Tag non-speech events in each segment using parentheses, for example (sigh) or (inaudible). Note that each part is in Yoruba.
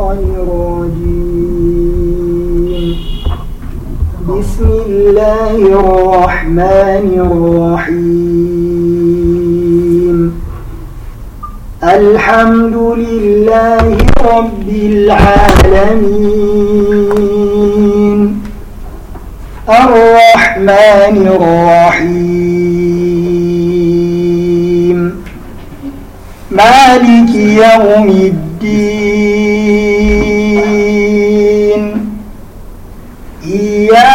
الشيطان الرجيم بسم الله الرحمن الرحيم الحمد لله رب العالمين الرحمن الرحيم مالك يوم الدين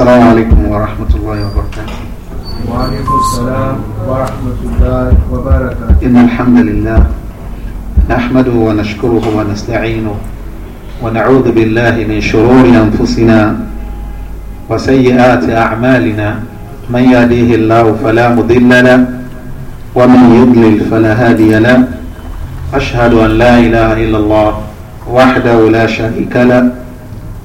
السلام عليكم ورحمة الله وبركاته وعليكم السلام ورحمة الله وبركاته إن الحمد لله نحمده ونشكره ونستعينه ونعوذ بالله من شرور أنفسنا وسيئات أعمالنا من يهديه الله فلا مضل له ومن يضلل فلا هادي له أشهد أن لا إله إلا الله وحده لا شريك له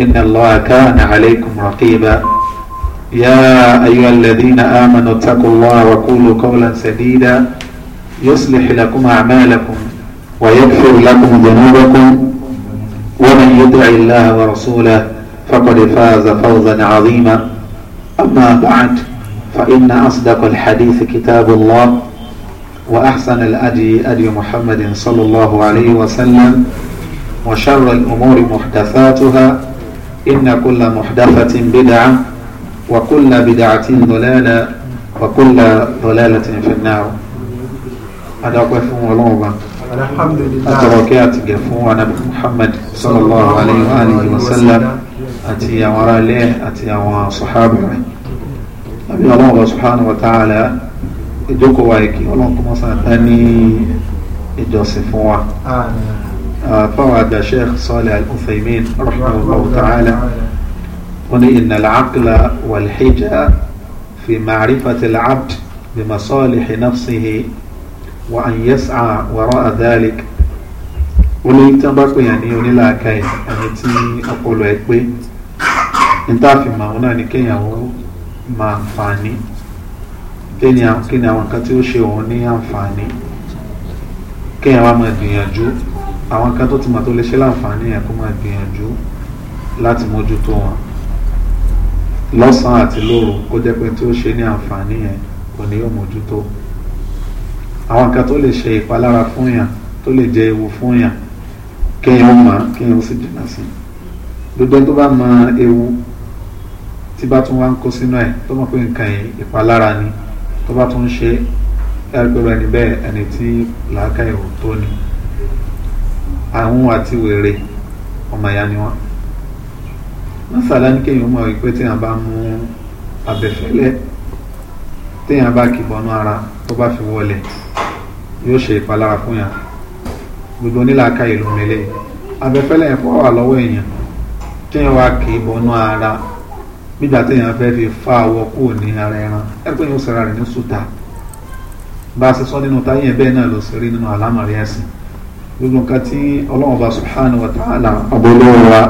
إن الله كان عليكم رقيبا يا أيها الذين آمنوا اتقوا الله وقولوا قولا سديدا يصلح لكم أعمالكم ويغفر لكم ذنوبكم ومن يطع الله ورسوله فقد فاز فوزا عظيما أما بعد فإن أصدق الحديث كتاب الله وأحسن الأدي أدي محمد صلى الله عليه وسلم وشر الأمور محدثاتها إن كل محدثة بدعة وكل بدعة ضلالة وكل ضلالة في النار أدعوك فهم الله. الحمد لله أتوكيات قفوا محمد صلى الله عليه وآله وسلم أتي يا وراليه أتي يا صحابه أبي الله سبحانه وتعالى ìjókòó wa ìkí ọlọ́run kó mọ́ sáà فوعد شيخ صالح الأثيمين رحمه الله تعالى إن العقل والحجة في معرفة العبد بمصالح نفسه وأن يسعى وراء ذلك olóyún tí wọn bá pè yàn ní onílàákà ẹ ẹni tí ọpọlọ ẹ pé nítàfimọ àwọn náà ni kéèyàn ó máa fàní kéèyàn kí ni àwọn kan tí ó ṣe òun ní àǹfààní kéèyàn wá máa gbìyànjú àwọn kan tó ti mọ̀ tó lè ṣe láǹfààní yẹn kó máa gbìyànjú láti mójútó wọn lọ́sàn-án àti lóru kó jẹ́ pé tí ó ṣe ní àǹfààní yẹn kò ní yóò mójútó àwọn kan tó lè ṣe ìpalára fún yàn tó lè jẹ ewu fún yàn kéèyàn mọ̀ kéèyàn ó sì jìnnà sí gbogbo tó bá mọ ewu tí bá tún wá ń kó sínú ẹ̀ tó mọ̀ pé nǹkan yìí ìpalára ni tó bá tún ṣe ẹgbẹ̀rún ẹni bẹ́ẹ̀ ẹni tí làákàyè ò tó ni àwọn àti wèrè ọmọ ìyá ni wọn wọn sàlá ní kéèyàn mọ̀ wípé téèyàn bá mú abẹ̀fẹ́lẹ́ téèyàn bá kìbọnú ara tó bá fi wọlé yóò ṣe ìpalára fún yàn gbogbo onílàáká ìlú mẹlẹ abẹ̀fẹ́lẹ́ yẹn fọwọ́ wà lọ́wọ́ èèyàn téèyàn wá kìbọnú ara nígbà téèyàn fẹ́ fi fa awọ kúrò ní ara ẹran ẹgbẹ́ yóò sara rẹ̀ ní sùtà bá a ṣe sọ nínú táyé bẹ́ẹ̀ náà ló ṣe rí nínú àlámọ̀rí ẹ̀sìn gbogbo nǹkan tí ọlọ́run bá subhanahu wa ta'ala abọ́lọ́wọ́ra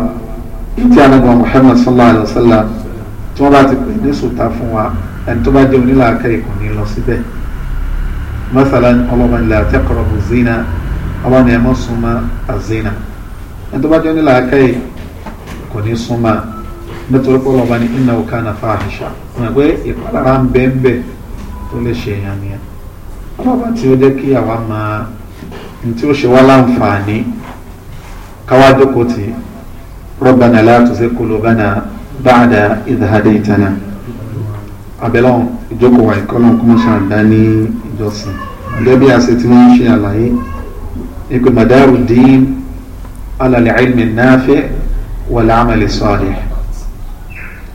ìtí anagba muhammad sallallahu alayhi wa sallam tí wọ́n bá ti pè ní sùtá fún wa ẹni tó bá jẹ́ onílàákà ìkùn ní lọ síbẹ̀ masalan ọlọ́run la taqrabu zina ọlọ́run ẹ̀ mọ́ súnmọ́ àzina ẹni tó bá jẹ́ onílàákà ìkùn ní súnmọ́ nítorí pé ọlọ́run bá ní innahu kana fahisha wọn pé ìpalára ń bẹ́ẹ̀ bẹ́ẹ̀ tó lè ṣe èèyàn nìyẹn ọlọ́run bá ó jẹ́ kí àwa máa ntí ó ṣe wá láǹfààní káwá jókòó tì rọ́bànà látúnṣe kólóbánà báàdà ìdáhàdé ìtànà abẹ́lẹ́ ìjókòó wa ìkọ́nà kọ́mọ́ṣà dá ní ìjọsìn gẹ́gẹ́ bí a ṣe ti máa ń ṣe àlàyé ikú madaru dín alàlẹ́ ilmi náfẹ́ wàlẹ́ àmàlẹ́ sọ́ọ̀lẹ́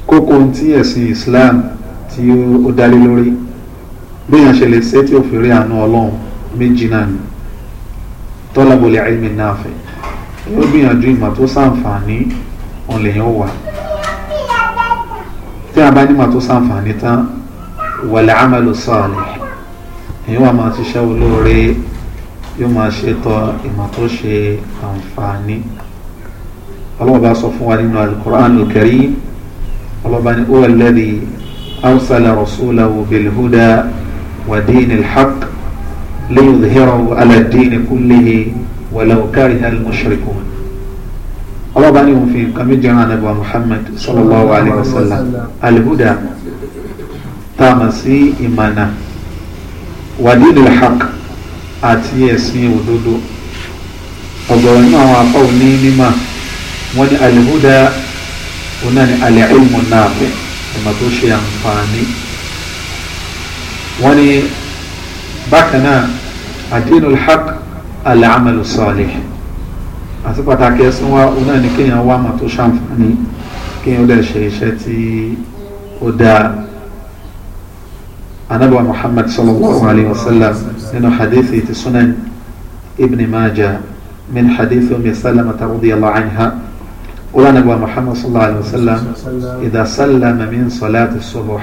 kókó tí ẹ̀sìn Islam tí ó dálé lórí bí ṣe lè ṣe tí ó fi rí àánú Ọlọ́run méjì náà ni talabul ilmi nafi ó gbìyànjú ìmọ̀ tó sàǹfààní òun lèyàn wà tí a bá nímọ̀ tó sàǹfààní tán wal amalu salih èyí wà máa ṣiṣẹ́ olóore yóò máa ṣètò ìmọ̀ tó ṣe àǹfààní ọlọ́ọ̀bá sọ fún wa nínú al-Qur'anul Karim ọlọ́ọ̀bá ni huwa alladhi arsala bilhuda wa dinil haqq. ليظهره على الدين كله ولو كره المشركون الله بني في كم جمع نبي محمد صلى الله عليه وسلم الهدى تامسي إيمانا ودين الحق àti ẹ̀sìn òdodo ọ̀gọ̀rọ̀ ní àwọn apá òní mímà wọ́n ní alìhúdá òun ní alẹ́ ìmọ̀ náà fẹ́ ìmọ̀ tó ṣe àǹfààní wọ́n ní bákanáà àdínú alhaq alamalu salih àti pàtàkì ẹ̀sìn wa òun náà ni kéèyàn wá mà tó ṣàǹfààní kéèyàn ó lè ṣe iṣẹ́ tí ó dáa anabi muhammad sallallahu alayhi wa sallam nínú hadithi ti sunan ibn majah min hadithi umi salama radiyallahu anha wala anabi muhammad sallallahu alayhi wa sallam idha sallama min salati subuh.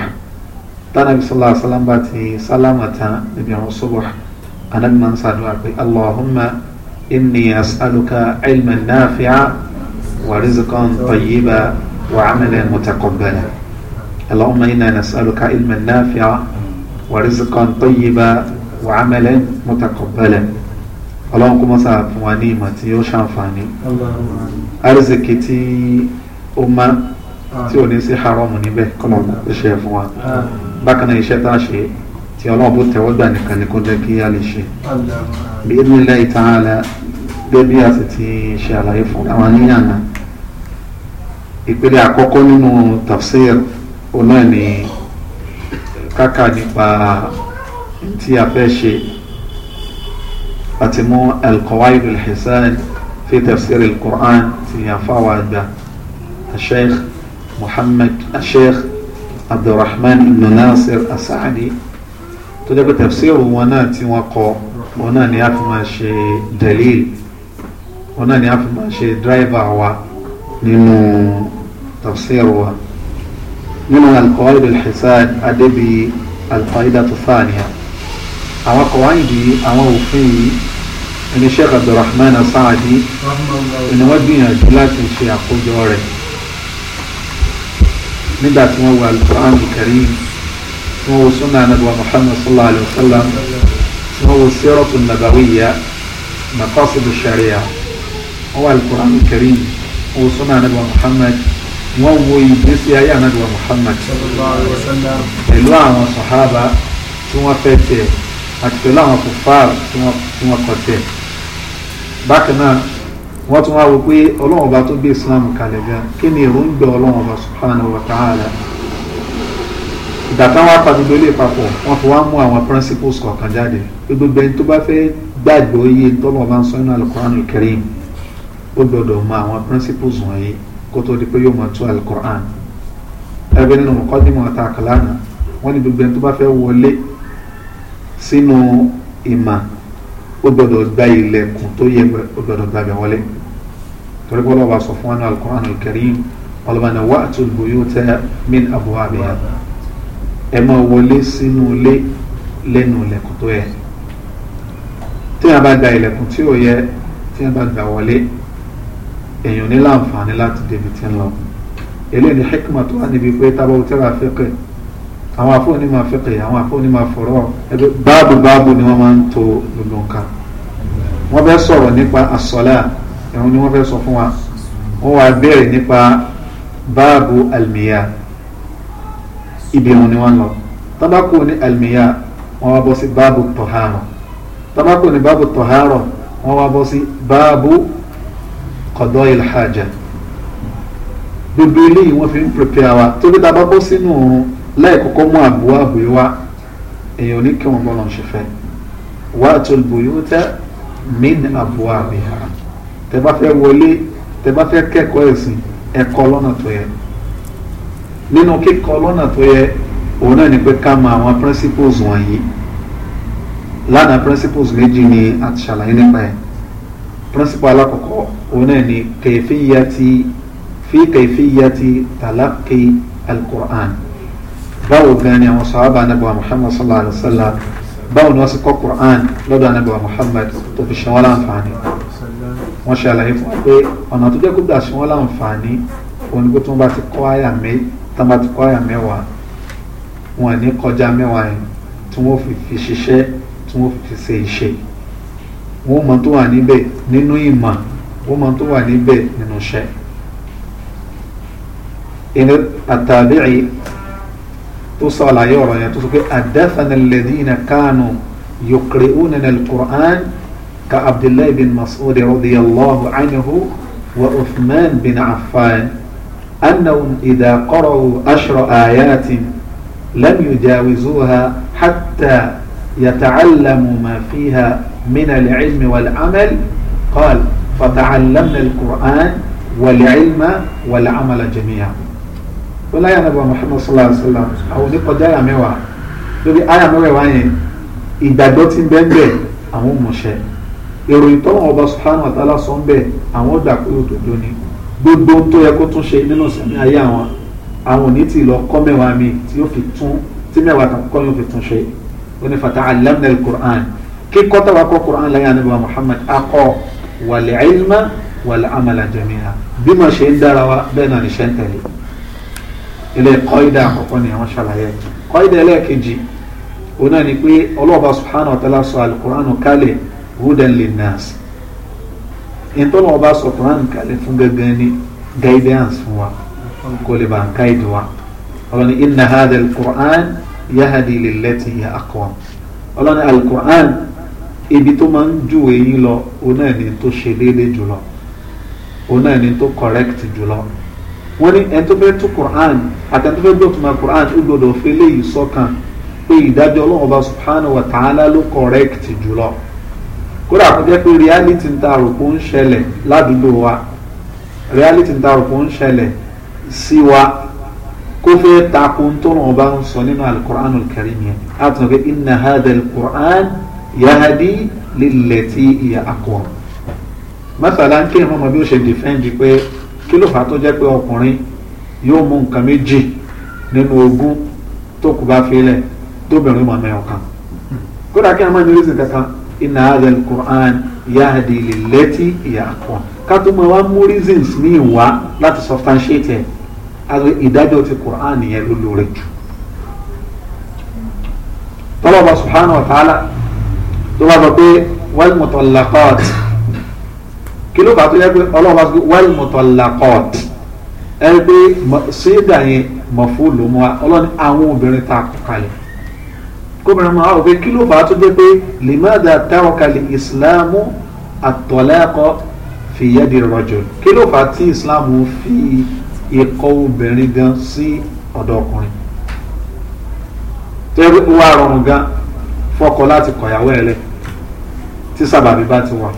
تنبي صلى الله عليه وسلم باتي سلامة نبي الصبح أنا من اللهم إني أسألك علما نافعا ورزقا طيبا وعملا متقبلا اللهم إنا نسألك علما نافعا ورزقا طيبا وعملا متقبلا اللهم كما سأفواني ماتي وشافاني أرزكتي أمة تيوني سي حرام نبه كما تشافوان آه. bákan náà iṣẹ́ tá a ṣe tí ọlọ́run bó tẹ̀wọ́ gbà nìkan ni kó jẹ́ kí a lè ṣe bí idhnillahi ta'ala gẹ́bí àti ti ṣe àlàyé fún àwọn aníyànà ìpele àkọ́kọ́ nínú tafsir ọ̀nà ni káka nípa tí a fẹ́ ṣe àti mú al-qawaid fi tafsir al-Qur'an ti àfáwà àgbà al-Sheikh Muhammad abdulrahman ibn nasir asaadi tó jẹ́ pé tafsiru wọn náà tí wọ́n kọ wọn náà ni a fi máa ṣe dalil wọn náà ni a fi máa ṣe dráìvà wa nínú tafsiru wa nínú alqawaid alhisad adébi alqaida tó sáàníyà àwọn kọ̀wáìdì àwọn òfin yìí ẹni sheikh abdulrahman asaadi ẹni wọ́n gbìyànjú láti ṣe àkójọ rẹ̀. من ذا هو القرآن الكريم هو سنة نبوة محمد صلى الله عليه وسلم هو السيرة النبوية مقاصد الشريعة هو القرآن الكريم هو سنة نبوة محمد وهو يدرس يا نبوة محمد صلى الله عليه وسلم إلا وصحابة ثم فتح أكتلاه كفار ثم قتل بعدنا wọ́n tún wá wò pé ọlọ́run ọba tó gbé islam kalẹ̀ gan kí ni èròǹgbà ọlọ́run ọba subhanahu wa ta'ala ìgbà táwọn apàdúgbò lè papọ̀ wọ́n fi wá mú àwọn principles kọ̀ọ̀kan jáde gbogbo ẹni tó bá fẹ́ gbàgbọ́ iye tọ́lọ̀ bá ń sọ nínú alukoran karim ó gbọ́dọ̀ mọ àwọn principles wọ̀nyí kó tó di pé yóò máa tú alukoran ẹgbẹ́ nínú mọ̀kọ́dínmọ̀ àtàkàlánà wọ́n ní gbogbo ẹni tó bá fẹ́ wọlé sínú ìmọ̀ ó gbọdọ̀ gba ilẹ̀kùn tó yẹ ó gbọdọ̀ gba bẹ̀ wọlé torí bọ́lá wa sọ fún wa ní alukur'an alkarim ọlọ́mọdé wa àti buyuta min abwabiha ẹ máa wọlé sínú ilé lẹ́nu ilẹ̀kùn tó yẹ tí a bá gba ilẹ̀kùn tí ò yẹ tí a bá gba wọlé èèyàn ní láǹfààní láti débi tí ń lọ eléyìí ni hikmat wà níbi pé tábà ó tẹ́ra fẹ́kẹ̀ẹ́ àwọn afọ onímọ̀ afẹ́kẹ̀yà àwọn afọ onímọ̀ afọ̀rọ̀ ẹgbẹ́ báàbù báàbù ni wọ́n máa ń to gbogbo nǹkan wọ́n fẹ́ sọ̀rọ̀ nípa asọ́lá ẹ̀hún ni wọ́n fẹ́ sọ fún wa wọ́n wá béèrè nípa báàbù àlùmíyà ibi ẹ̀hún ni wọ́n lọ tábàkù ní àlùmíyà wọ́n wá bọ́ sí báàbù tọ̀hárọ̀ tábàkù ní báàbù tọ̀hárọ̀ wọ́n wá bọ́ sí báàbù kọ̀dọ̀ ìlhàjà gbogbo eléyìí wọ́n fi ń pèpè àwa tóbi tá sínú òun lẹ́ẹ̀kọ́kọ́ mú àbúwá àbúyé wá èèyàn ní kí wọ́n bọ́lọ̀ ṣe fẹ́ wá àtòlùbòyó tẹ́ mí ní àbúwá àbíyá tẹ bá fẹ́ wọlé tẹ bá fẹ́ kẹ́kọ̀ọ́ ẹ̀sìn ẹ̀kọ́ lọ́nà tó yẹ nínú kíkọ́ lọ́nà tó yẹ òun náà ni pé ká mọ àwọn principles wọ̀nyí lánàá principles méjì ni a ti ṣàlàyé nípa ẹ̀ principle alákọ̀ọ́kọ́ òun náà ni kẹfíyàtì fi kẹfíyàtì tàlákì alukur'an báwo gan ni àwọn sàhábà anábọ̀ muhammad sallallahu alayhi wa sallam báwo ni wọ́n sì kọ́ quran lọ́dọ̀ anábọ̀ muhammad tó fi ṣe wọ́n láǹfààní wọ́n ṣe àlàyé fún wa pé ọ̀nà tó jẹ́ kó gbà ṣe wọ́n láǹfààní òun ni pé tí wọ́n bá ti kọ́ àyà mẹ́ tán bá ti kọ́ àyà mẹ́wàá wọn ní kọjá mẹ́wàá yẹn tí wọ́n fi fi ṣiṣẹ́ tí wọ́n fi ṣe iṣẹ́ wọ́n mọ tó wà níbẹ̀ nínú ìmọ̀ wọ́n mọ tó wà níbẹ̀ nínú iṣẹ́. توصل عيورا يا يعني توصل أدفن الذين كانوا يقرؤون القرآن كعبد الله بن مسعود رضي الله عنه وعثمان بن عفان أنهم إذا قرأوا عشر آيات لم يجاوزوها حتى يتعلموا ما فيها من العلم والعمل قال فتعلمنا القرآن والعلم والعمل جميعاً wọ́n láyà nàbà Muhammad sallallahu alayhi wa sallam àwọn oníkọjá àyà mẹ́wàá lórí àyà mẹ́wàá yẹn ìgbàgbọ́ ti ń bẹ́ẹ̀ bẹ́ẹ̀ àwọn òmùṣẹ́ ìròyìn tọ́wọ́n ọba subhanahu wa ta'ala sọ ń bẹ́ẹ̀ àwọn ọ̀dà pé òdòdó ni gbogbo tó yẹ kó tún ṣe nínú sẹ́mi ayé àwọn àwọn òní ti lọ kọ́ mẹ́wàá mi tí yóò fi tún tí mẹ́wàá kan kọ́ yóò fi tún ṣe ó ní fata alamna quran kíkọ́ táwa kọ́ Qur'an láyé ànábì Muhammad akọ wal ilma wal amala jami'a bí mo ṣe ń dára wa bẹ́ẹ̀ náà ní ṣe ń tẹ̀lé ilé kọ́ìdà àkọ́kọ́ ni àwọn ṣàlàyé kọ́ìdà ẹlẹ́ẹ̀kejì òun náà ni pé ọlọ́ọ̀bá subhanahu wa ta'ala sọ alukuranu kalẹ̀ hudan linnas ìtọ́nà ọba sọ kuranu kalẹ̀ fún gangan ni guidance fún wa kó lè bá ń káìdì wa ọlọ́ni inna hadha alukuran yahadi lillati hiya aqwam ọlọ́ni alukuran ibi tó máa ń júwe yín lọ òun náà ni tó ṣe déédéé jùlọ òun náà ni tó correct jùlọ wọ́n ní ẹni tó fẹ́ tú quran àtẹnudọ́fẹ́ dọ̀tún Qur'an ó gbọdọ̀ fẹ́ léyìí sọ́kàn pé ìdájọ́ ọlọ́run ọba subhanahu wa ta'ala ló correct jùlọ kódà kó jẹ́ pé reality ń ta àròpọ̀ ń ṣẹlẹ̀ ládùúgbò wa reality ń ta àròpọ̀ ń ṣẹlẹ̀ sí wa kó fẹ́ takò ń tọ́nà ọba ń sọ nínú al-Qur'an yẹn á tún pé inna hadha quran yahadi lillati hiya aqwam masala ń kí ìhàn ọmọ bí ó ṣe defend pé kí ló fà á tó jẹ́ pé ọkùnrin yóò mú nǹkan méjì nínú ogún tó kù bá filẹ̀ tóbìnrin mọ̀ mẹ́wọ̀n kan kódà kí a máa ní orísun kankan inna hadha al-Qur'an yahdi lillati hiya aqwam ká tó máa wá mú reasons ní ìwá láti substantiate ẹ̀ ìdájọ́ ti Qur'an yẹn ló lóore jù tọ́lọ́ba subhanahu wa ta'ala tó bá sọ pé wal mutallaqat kí ló bá tó yẹ pé ọlọ́ba sọ pé wal mutallaqat ẹ pé ṣéèdà yẹn mọ̀fó ló mọ́ ọlọ́ni àwọn obìnrin ta kọ kalẹ̀ gómìnà máa wọ pé kí ló fà á tó jẹ́ pé lèmọ́dà táwọn kalẹ̀ ìsìláàmù àtọ̀lẹ́kọ̀ fìyẹ́dì rọ̀jò kí ló fà á tí ìsìláàmù fi ikọ̀ obìnrin gan sí ọ̀dọ̀ ọkùnrin tẹ́rí ó rọrùn gan fọkọ láti kọ̀yàwó ẹ̀ lẹ̀ tí sábàbí bá ti wà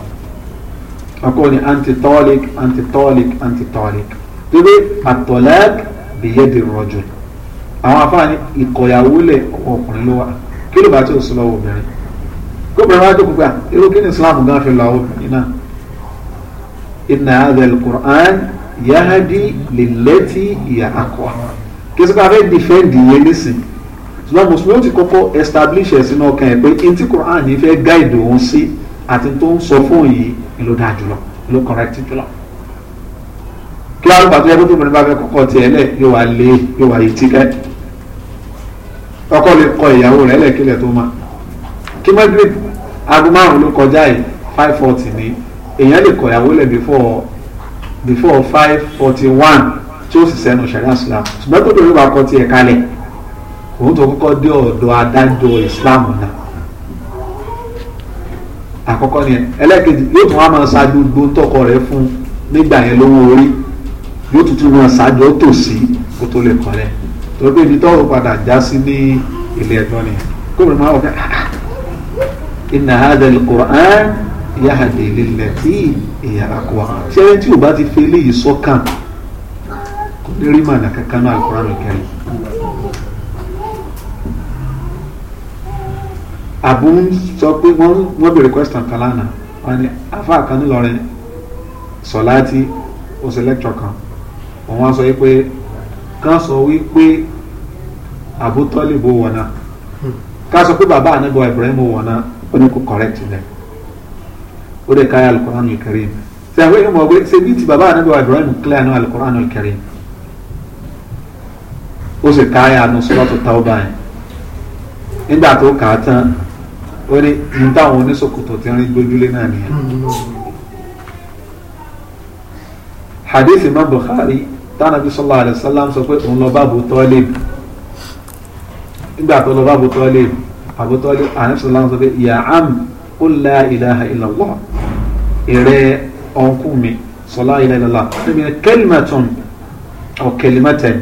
ọkọ ni antitolic antitolic antitolic torí àtọ̀lẹ́k bìyẹ́dì rọ̀jò àwọn afáàní ìkọ̀yàwó lẹ̀ ọkùnrin ló wà kí ló bá tí ò sí lọ́wọ́ obìnrin kó bẹ̀rẹ̀ wá dókòó pé ah, irú kí ni Islam gan fi lọ́wọ́ obìnrin náà inna hadha al-Qur'an yahadi lillati hiya aqwa kí sọ́kà fẹ́ dìfẹ́ǹdì yẹn nísìn ṣùgbọ́n mùsùlùmí ó ti kọ́kọ́ establish ẹ̀ sínú ọkàn ẹ̀ pé etí Qur'an yìí fẹ́ gáìdì òun sí àti tó ń sọ fóun yìí ló dáa jùlọ ló correct jùlọ kí wàá lùpàá tó yẹ kó tóbi bá fẹ́ kọ́kọ́ tiẹ̀ lẹ̀ yóò wá lé yóò wá etí kẹ́ ọkọ lè kọ ìyàwó rẹ̀ lẹ́kílẹ̀ tó máa kí madrid aago márùn ló kọjá yìí five forty ni èèyàn lè kọ ìyàwó lẹ̀ before before five forty one tí ó sì sẹ́nu ṣẹ̀dá islam ṣùgbọ́n tó lórí wa kọ tiẹ̀ kalẹ̀ òun tó kọ́kọ́ dé ọ̀dọ̀ adájọ́ islam náà àkọ́kọ́ ni ẹlẹ́kejì yóò tún wá máa ṣáájú gbóńtọ́kọ rẹ̀ fún nígbà yẹn lówó orí yóò tuntun máa ṣáájọ tòsí kó tó lè kọ́lẹ̀ tó bí ibi tọ́wọ́ padà já sí ní ilé ẹ̀gbọ́n ni kó o máa wọ pé ah, ah, inna hadha al-Qur'an yahdi lillati hiya aqwam tí ẹni tí o bá ti fi eléyìí sọ́kàn kò ní rí mànà kankan náà al-Qur'an al-Karim. àbú sọ pé wọ́n bèrè question kan lánàá wọ́n ní afa kan ńlọrọrin sọ̀láàtì ó ṣe lecture kan wọ́n wá sọ wípé kán sọ wípé àbútọ́lìbò wọ̀nà ká sọ pé bàbá ànágbọ́ Ibrahim wọ̀nà ó ní kò correct rẹ̀ ó lè káyà Al-Qur'an Al-Karim ṣe àwọn èèyàn mọ̀ pé ṣe bí ti bàbá ànágbọ́ Ibrahim clear ní Al-Qur'an Al-Karim ó sì káyà ní Suratu Tawbah yẹn nígbà tó kà á tán ó ní ní táwọn oníṣòkòtò ti rìn gbójúlé náà nìyẹn hmm. hadith Imam Bukhari tánàbí sallallahu alaihi wasallam sọ pé òun lọ bá Abu Talib nígbà tó lọ bá Abu Talib Abu Talib ànábì sallallahu sọ pé ya am qul la ilaha illallah ìrẹ́ ọ̀nkú mi sọlá ilaha illallah níbi ní kẹlímẹ̀tún ọ̀ kẹlímẹ̀tẹ̀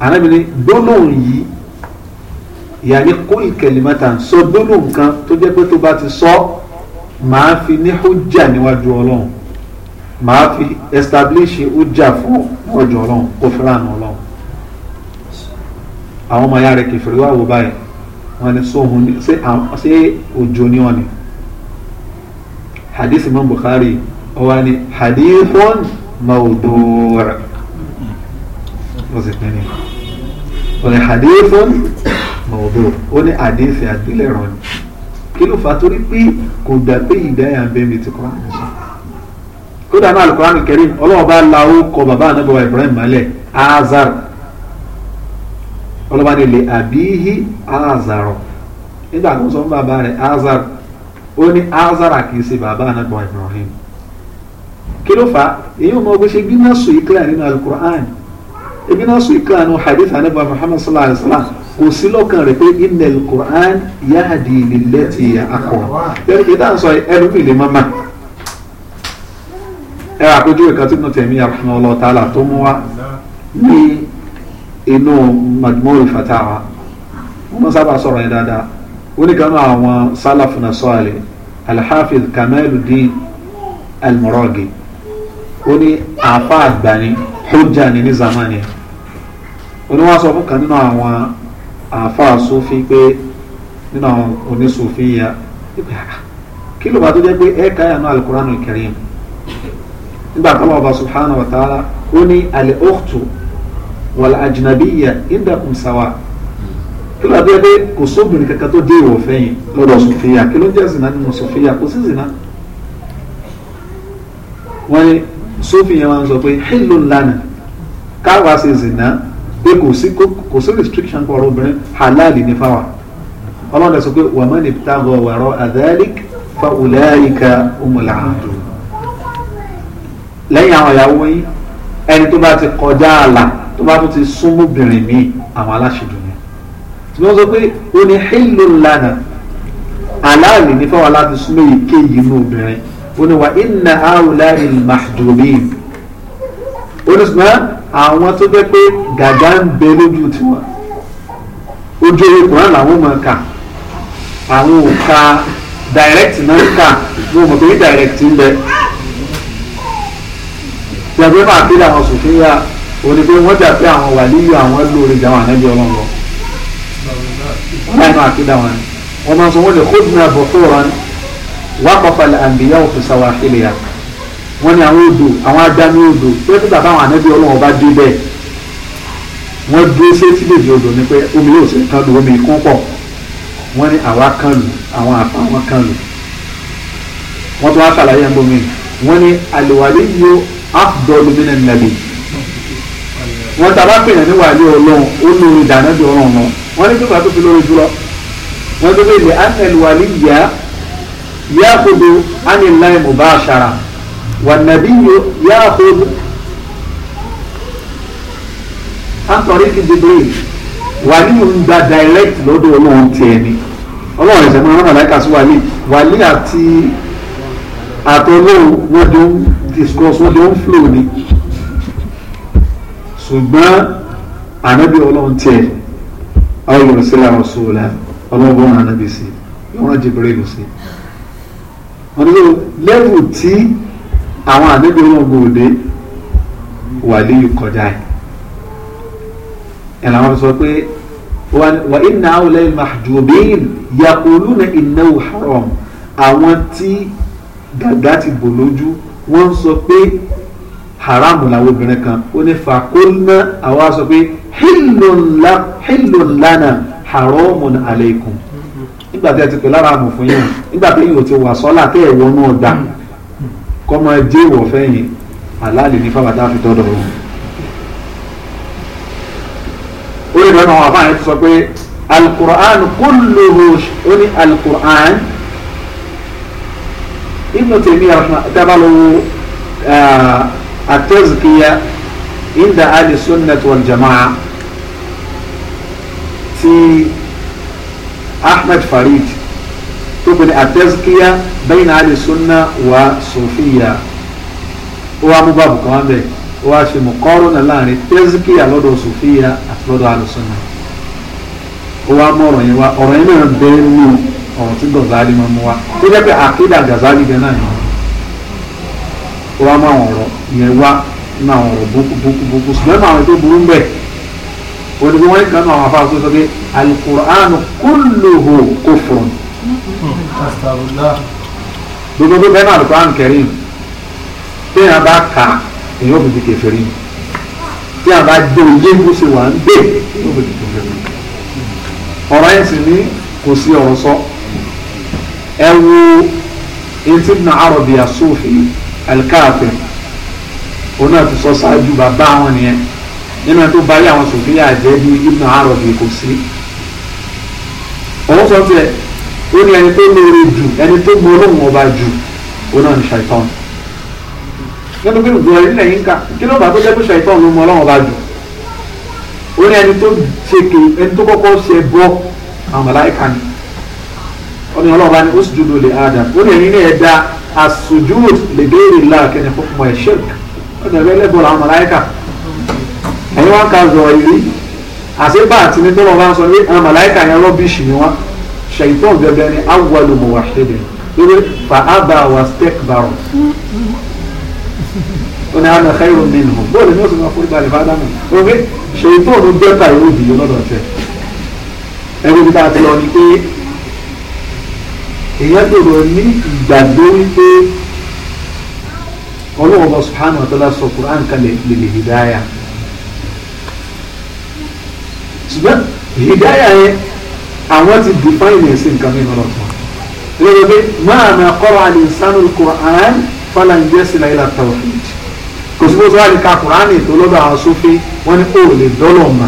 ànábì ní gbólóhùn yìí yàní qul kẹlímẹ̀tàn sọ gbólóhùn kan tó jẹ́ pé tó bá ti sọ màá fi ní hujja níwájú ọlọ́run màá fi establish ujà fún ọjọ́ ọlọ́run kó fúlànà ọlọ́run àwọn ọmọ ya rẹ̀ kẹfìrí wà wò báyìí wọ́n ní sóhun ní ṣé òjò ni wọ́n ni hadith imam bukhari wọ́n ní hadithun mawdu' wọ́n sì pín ní wọ́n ní hadithun mawdu' ó ní hadith àgbélẹ̀rọ̀ ni kí ló fà torí pé kò gbà pé ìdáyà ń bẹ́ẹ̀ mi ti kọ́ àná kódà náà alukurani karim ọlọ́wọ́ bá la ó kọ bàbá anábọ̀wá ibrahim mọ́lẹ̀ azar ọlọ́wọ́ ni lè àbíyí azarọ̀ nígbà tó ń sọ fún bàbá rẹ̀ azar ó ní azar kìí ṣe bàbá anábọ̀wá ibrahim kí ló fà á èyí ò mọ bó ṣe gbíná sùn ìkìlá nínú alukurani ìgbíná sùn ìkìlá nínú hadith anábọ̀wá muhammad sallallahu alayhi wa sallam kò sí lọ́kàn rẹ̀ pé inna alukurani yahadi lillati akọ̀ yẹ́nì kí táà ń sọ ẹnu mi lè má má ẹ rà àpèjúwe kan tí mo tẹ̀mí àfihàn ọlọ́tàlà tó mú wá ní inú Majmu' al-Fatawa wọ́n sábà sọ̀rọ̀ yẹn dáadáa oníkanú àwọn sálàfùnà sọ́ọ̀lì al-Hafiz Kamaluddin al-Muragi ó ní àfa àgbàni hujja ni ní zamani oní wọ́n sọ fún kan nínú àwọn àfa Sufi pé nínú àwọn onísùfí ya ah, kí ló bá tó jẹ́ pé ẹ̀ka yà nù al-Qur'anul Karim nígbà tó lọ́wọ́ bá subhanahu wa ta'ala ó ní alẹ́ ọ̀tù wàlá àjìnàbíyà ìdàkùn sáwà kí ló dé dé kò sóbìnrin kankan tó dé ìwọ̀ fẹ́yìn lọ́dọ̀ sọ̀fìyà kí ló jẹ́ zina nínú sọ̀fìyà kò sí zina wọ́n ní sófin yẹn máa ń sọ pé hello lana káwa ṣe zina pé kò sí kò sí restriction kọ́ ọ̀rọ̀ obìnrin halal ní fáwa ọlọ́run sọ pé wàmọ́ni pítàgọ́ wàrọ̀ àdáyálík fa ulaika umul aadu lẹ́yìn àwọn ìyàwó yín ẹni tó bá ti kọjá ààlà tó bá tún ti súnmọ́ obìnrin míì àwọn aláṣẹjù ni tí wọ́n sọ pé ó ní hílò lánàá aláàlì ní fáwọn aláàbí súnmọ́ èyíkéyìí inú obìnrin ó ní wa inna haulai mahdumin ó ní sùnmọ́ àwọn tó jẹ́ pé gàgà ń bẹ lójú tiwọn ojú ewé kùnrin làwọn máa kà àwọn ò ka direct náà kà wọn mọ̀ pé direct ń bẹ ṣàgbé máa kéde àwọn sòfíà òní pé wọ́n jà pé àwọn wàlíyù àwọn lóore jà wọn ànábì ọlọ́run lọ. báyìí máa kéde àwọn ni wọ́n máa sọ wọ́n lè kóòtù náà bọ̀ fún ọ̀rọ̀ wá pàpàlẹ̀ àǹbíyá òfin sáwà ilẹ̀ yà wọ́n ní àwọn odò àwọn adámi odò pé kí bàbá àwọn ànábì ọlọ́run ọba dé bẹ́ẹ̀ wọ́n dúró sétí lèbi odò ni pé omi yóò ṣe kan lu omi kún pọ̀ wọ́n ní àwa kan lu àwọn àpá wọn kan lu wọ́n tún wá ṣàlàyé ẹ̀ ń bomi wọ́n ní àlùwárí yóò afdọ́lù nínú nàbì wọn tàbá pèèyàn ní wàlẹ́ ọlọ́run ó lórí ìdáná bí ọlọ́run náà wọn ní kíkọ́ àtúntò lórí jùlọ wọn tó bèèrè anel wàlẹ́ yá yá kodo anil láì mubashara wà nàbí yá kodo antorí ti dìbò wàlí ń gba direct lọ́dọ̀ ọlọ́run tiẹ̀ ni ọlọ́run ìṣẹ̀mọ́ ọlọ́run àláìka sí wàlí wàlí àti àtọ́lọ́run wọ́n jọ discourse wọ́n jọ ń flow ni ṣùgbọ́n ànábì ọlọ́run tiẹ̀ àwọn yorùbá sílẹ̀ àwọn sòwòlá ọlọ́run bọ́n ànábì sí wọ́n jìbìrì lù sí. wọ́n ní lẹ́wù tí àwọn ànábì ọlọ́run gbòde wà léyìí kọjá ẹ̀ ẹ̀ làwọn sọ pé wà ìnà àwọn lẹ́yìn mahjubin yaquluna ìnáwó haram àwọn tí gàgá ti bò lójú wọ́n ń sọ pé haramu làwọn obìnrin kan ó ní fàkóńnà àwa sọ pé hìlùn lánàá haramun aleikum nígbà tí a ti pè lára àmọ̀ fún yẹn nígbà tí yìí ò ti wà sọ́lá tẹ́ ẹ̀wọ́ náà dà kọ́ máa jẹ́ ìwọ̀ fẹ́yìn àlàálì ní fábàtà fi tọ́dọ̀ wọn. ó lè bẹ́ẹ̀ náà wọn àfáàyàn ti sọ pé alukur'an kúlùú ó ní alukur'an. Ibn Taymiyyah dábàlówó at-Tazkiyah inda ahli sunnah wal jama'a ti Ahmed Farid tó pè ní at-Tazkiyah bayna ahli sunnah wa Sufiyyah ó wá mú báàbù kan wá bẹ̀ ó wá ṣe muqarana láàrin Tazkiyah lọ́dọ̀ Sufiyyah àti lọ́dọ̀ ahli sunnah ó wá mú ọ̀rọ̀ yẹn wá ọ̀rọ̀ yẹn náà ọ̀rọ̀ tí Gazali máa mú wa tó jẹ́ pé àkídà Gazali gan náà yẹn ó wá máa ọ̀rọ̀ yẹn wá nínú àwọn ọ̀rọ̀ búkú búkú búkú ṣùgbọ́n àwọn tó burú ń bẹ̀ wọ́n ti fi wọ́n kan náà àwọn afáàsó sọ pé alukur'anu kulluhu kufrun gbogbo tó bẹ́ẹ̀ náà alukur'anu karim téèyàn bá kà èyàn ò fi di kèfèrí téèyàn bá dé oyé bó ṣe wà ń dé èyàn ò fi di kèfèrí ọ̀rọ̀ yẹn sì ní kò sí ọ̀rọ̀ sọ ẹ wo etí ibn arabi asufi alkaafir òun náà ti sọ ṣáájú bàbá àwọn nìyẹn nínú tó bá yà wọn sòfin yà jẹ bí ibn arabi kò sí òun sọ tiẹ̀ ó ní ẹni tó lóore jù ẹni tó gbọ́ olóhùn ọba jù òun náà ní ṣàìtàn nínú pé ìgbìyànjú ilẹ̀ yín ká kí ló bá tó jẹ́ pé ṣàìtàn ló mọ ọlọ́run jù ó ní ẹni tó ṣe ẹni tó kọ́kọ́ ṣe bọ́ àwọn màláìka ọ̀nà ọlọ́run bá ní usjudu li Adam ó lè nílé ẹ̀dá as-sujud li ghayri Allah kẹ́ni fún ọmọ ẹ̀ṣẹ́ ọ̀nà ẹ̀rọ ẹlẹ́bọ̀ làwọn màláìkà ẹ̀yin wá ń ka zọ̀rọ̀ yìí àṣebà àti ní tọ́lọ́ ń sọ pé àwọn màláìkà yẹn rọ́bìṣì ni wọ́n ṣèyítọ́n gẹ́gẹ́ ni awwalu muwahhidin lórí fa aba wastakbaru wọn náà na xeyiru minnu bóòlù ní o sọgbọn fún ìbàlẹ̀ fún adamu ṣèyítọ́n bẹ́ẹ̀ ta yóò bì lọ́dọ̀ tẹ ẹgbẹ́ bí ká ti ni pé èèyàn gbèrò ní ìgbàgbé wípé ọlọ́wọ́ bá subhanahu wa ta'ala sọ quran kalẹ̀ lè lè hidaya ṣùgbọ́n hidaya yẹn àwọn ti define ẹ̀ sí nǹkan mi lọ́rọ̀ tán lórí pé máa na kọ́ra àlè sanu quran fọlá ń jẹ́ sílẹ̀ ilà tawhid kò sí bó àlè ka quran ètò lọ́dọ̀ àwọn sófin wọ́n ní kó lè dọ́lọ̀ mà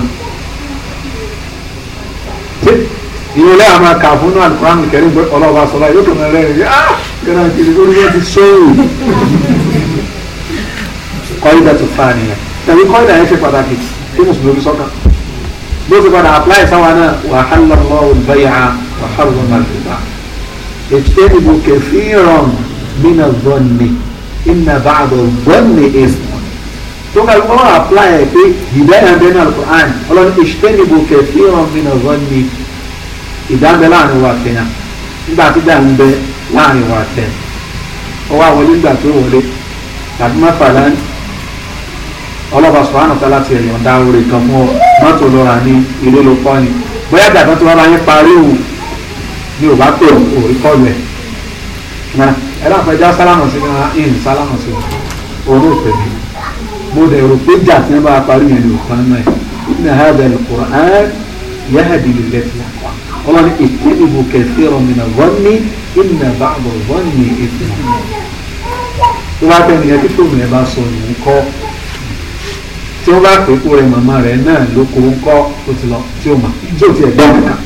ìwé lẹ́yìn àmà kà fún náà Al-Qur'an Karim pé ọlọ́ọ̀bá sọlá yóò kàn lẹ́yìn rẹ̀ ah kẹ́nà kiri lórí wọn ti sóòrò kọ́ídà tó fa nìyẹn tàbí kọ́ídà yẹn ṣe pàtàkì tí mùsùlùmí sọ́kà bó ti padà apply sáwa náà wa halla Allahu al-bay'a wa harrama al-riba ijtanibu kathiran mina adh-dhanni inna ba'da adh-dhanni ithmun tó ka lọ́wọ́ apply ẹ̀ pé ìdáyà bẹ́ẹ̀ náà Al-Qur'an ọlọ́ni ijtanibu kathiran mina adh-dhanni ìdábẹ́ láàrin wa àtẹ̀yàn nígbà tí dà ń bẹ láàrin wa àtẹ̀yàn ọwọ́ àwọlé gbà tó wọlé tàbí mọ́fàlá ọlọ́ba sọ̀rọ̀ àtàlà ti ẹ̀yàn dá orí kan mọ́ mọ́tò lọ́ra ní ilé ló kọ́ ni bóyá dàbẹ́ tó bá bá yín parí òun ni ò bá pè òun kọlu ẹ̀ na ẹ láǹfẹ̀já sálámù sí wọn ìn sálámù sí wọn òun ò pèmí mo dẹ̀ rò pé jà tí wọ́n bá parí yẹn ló kàn náà ẹ̀ ní àhàbẹ̀ lùkùrọ̀ yẹ́hẹ̀dì lè lẹ́tìlá قال اجتنبوا كثيرا من الظن إن بعض الظن إثم tó bá tẹ́ nìyẹn tí fóònù ẹ bá sọ òun kọ́ tí ó bá pè kú rẹ màmá rẹ náà ló kó ń kọ́ tó ti lọ tí ó mà tí ò ti ẹ̀gbọ́n nìkan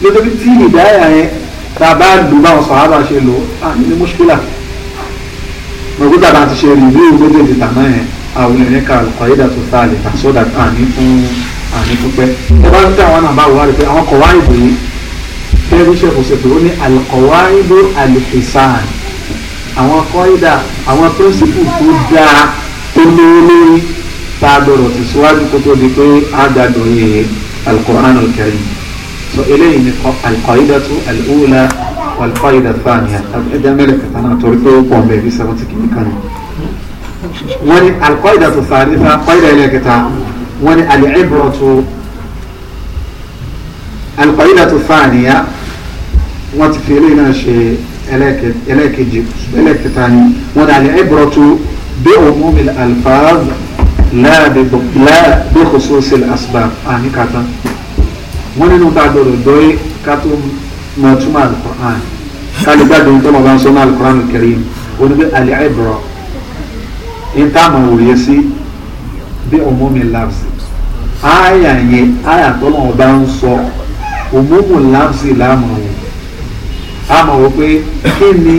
nítorí tí ìdáyà yẹn tá a bá lù báwọn sàhábà ṣe lò á ní mọ́ṣúkúlà mọ̀gbọ́dà bá ti ṣe rìnrìn ògbódè ti tàmá yẹn àwọn ènìyàn ká àlùkò ayédàtò sáà lè tà sódà tá ní fún àní dúpẹ́ ẹ bá ń tẹ àwọn nàmbá wà rẹ pé àwọn kọ̀wá ìbò yìí bẹ́ẹ̀ bí ṣe kò ṣe pé ó ní àlùkọ̀wá ìbò àlùfẹ̀sán àwọn kọ́ídà àwọn píríncípù tó dáa tó lówó lórí tá a dọ̀rọ̀ ti síwájú kó tó di pé á dàdọ̀ yẹ alukọ̀rán alkarim so eléyìí ni alukọ̀ídà tó alùwùlà alukọ̀ídà fàníà ẹja mẹ́rin kàtà náà torí pé ó pọ̀ bẹ́ẹ̀ bí sẹ́wọ́n ti kìí kan wọ́n ní alukọ̀ídà tó fàníà kọ́ídà ilẹ̀ wọ́n ní al-ibratu al-qaidatu thaniya wọ́n ti fi eré náà ṣe ẹlẹ́ẹ̀kejì ẹlẹ́ẹ̀kẹta ni wọ́n ní al-ibratu bi umumi al-alfaz la bi khususi al-asbab àní kàtà wọ́n nínú bá gbọ́dọ̀ dọ́yé ká tó mọ túmọ̀ al-Qur'an ká lè gbàgbọ́ tó bá ń sọ ní al-Qur'an al-Karim onígbé al-ibra ń sí bi umumi al àyà yẹn àyà tọ́lọ́ ọba ń sọ òmùmù láǹsì láàmù yẹn a mọ̀ wípé kí ni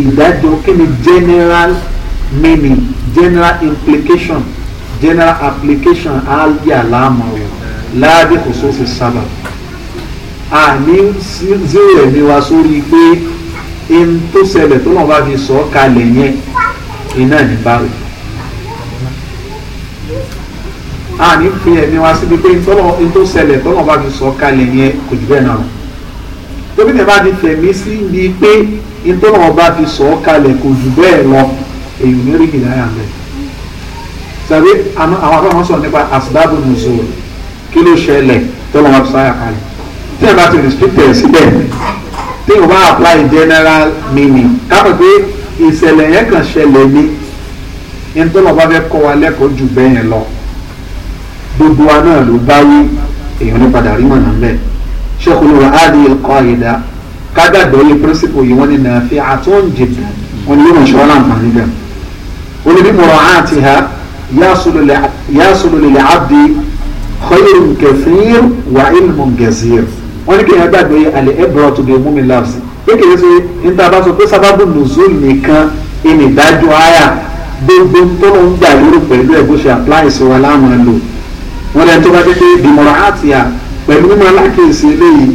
ìdájọ́ kí ni general meaning general implication general application alia láàmù yẹn láàbí kò sófin sábà àní zero ẹ̀mí wa sórí pé n tó ṣẹlẹ̀ tọ́lọ́ ọba fi sọ ọ́ kalẹ̀ yẹn iná ní báwò. a ní fi ẹ̀mí wa síbi pé ntọ́lọ̀ ntọ́ ṣẹlẹ̀ tọ́lọ̀ bá fi sọ kalẹ̀ yẹn kò jù bẹ́ẹ̀ náà lọ. tóbi tẹ̀ bá ti fẹ̀mí sí ibi pé ntọ́lọ̀ bá fi sọ kalẹ̀ kò jù bẹ́ẹ̀ lọ èyí ní rí ìdáyà mẹ́. sàbí àwọn akọ́kọ́ sọ nípa asbábù nùzúl kí ló ṣẹlẹ̀ tọ́lọ̀ bá fi sáyà kalẹ̀. tí ẹ bá ti restricted síbẹ̀ tí o bá apply general meaning káàpọ̀ pé ìṣẹ̀lẹ̀ yẹn kàn ṣẹlẹ̀ ní ntọ́lọ̀ bá fẹ́ kọ́ wa lẹ́kọ̀ọ́ jù bẹ́ẹ̀ yẹn lọ gbogbo wa náà ló bá wí èèyàn ní padà rí mọ̀nà ńbẹ̀ ṣọ́kùnrin wa á di ẹ̀kọ́ àyẹ̀dá kágbàgbọ́ yẹ pírísìpù yìí wọ́n ní nàáfi àtúnjẹ wọn ni yóò mọ̀ ṣọ́ láǹfààní gan. onídìbòrò àti ha yásùlù lè abdi khayrun kathir wà ilmun gazir wọ́n ní kéèyàn gbàgbọ́ yẹ àlẹ́ ẹ̀bùrọ̀ tó bẹ mú mi láàbùsì kékeré ṣe níta bá sọ pé sábàbù nùzúl nìkan ìnìdájọ́ àyà gbogbo tó ń gbà lérò pẹ̀lú ẹ̀ bó ṣe àpláìsì wa láwọn lò wọn lẹ́yìn tó bá jẹ́ pé bìmọ̀ràn àtìyà pẹ̀lú mímọ́ alákèésí eléyìí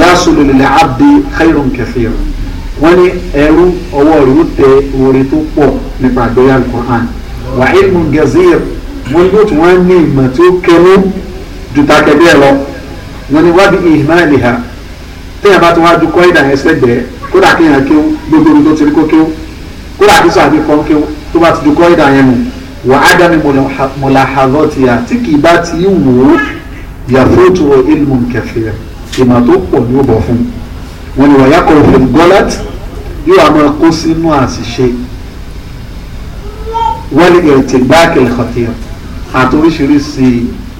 yasulu lil abdi khayrun kathir wọn ní ẹrú ọwọ́ rẹ̀ ó tẹ oore tó pọ̀ nípa àgbéyà Al-Qur'an wà ilmu gazir wọn yóò tún wọn ní ìmọ̀ tí ó kẹnu ju takẹ́bí ẹ lọ wọn ní wábi ihmaliha téèyàn bá tún wá ju kọ́ìdà yẹn sẹ́gbẹ̀ẹ́ kódà kéèyàn kéwú gbogbo omi tó ti rí kó kéwú kódà kí sọ àbí kọ́ kéwú tó bá ti ju kọ́ìdà yẹn nù wà á dání mọ̀làhàzọ́tìyà tí kì í bá ti wò ó yàfóòtò ilmu kẹfìyà ìmọ̀ tó pọ̀ ní òbọ̀ fún wọn ni wàyà kọ̀ òfin gọ́lát yóò á máa kó sínú àṣìṣe wọ́n ètè gbáàkìlì kọ̀tìyà àti oríṣiríṣi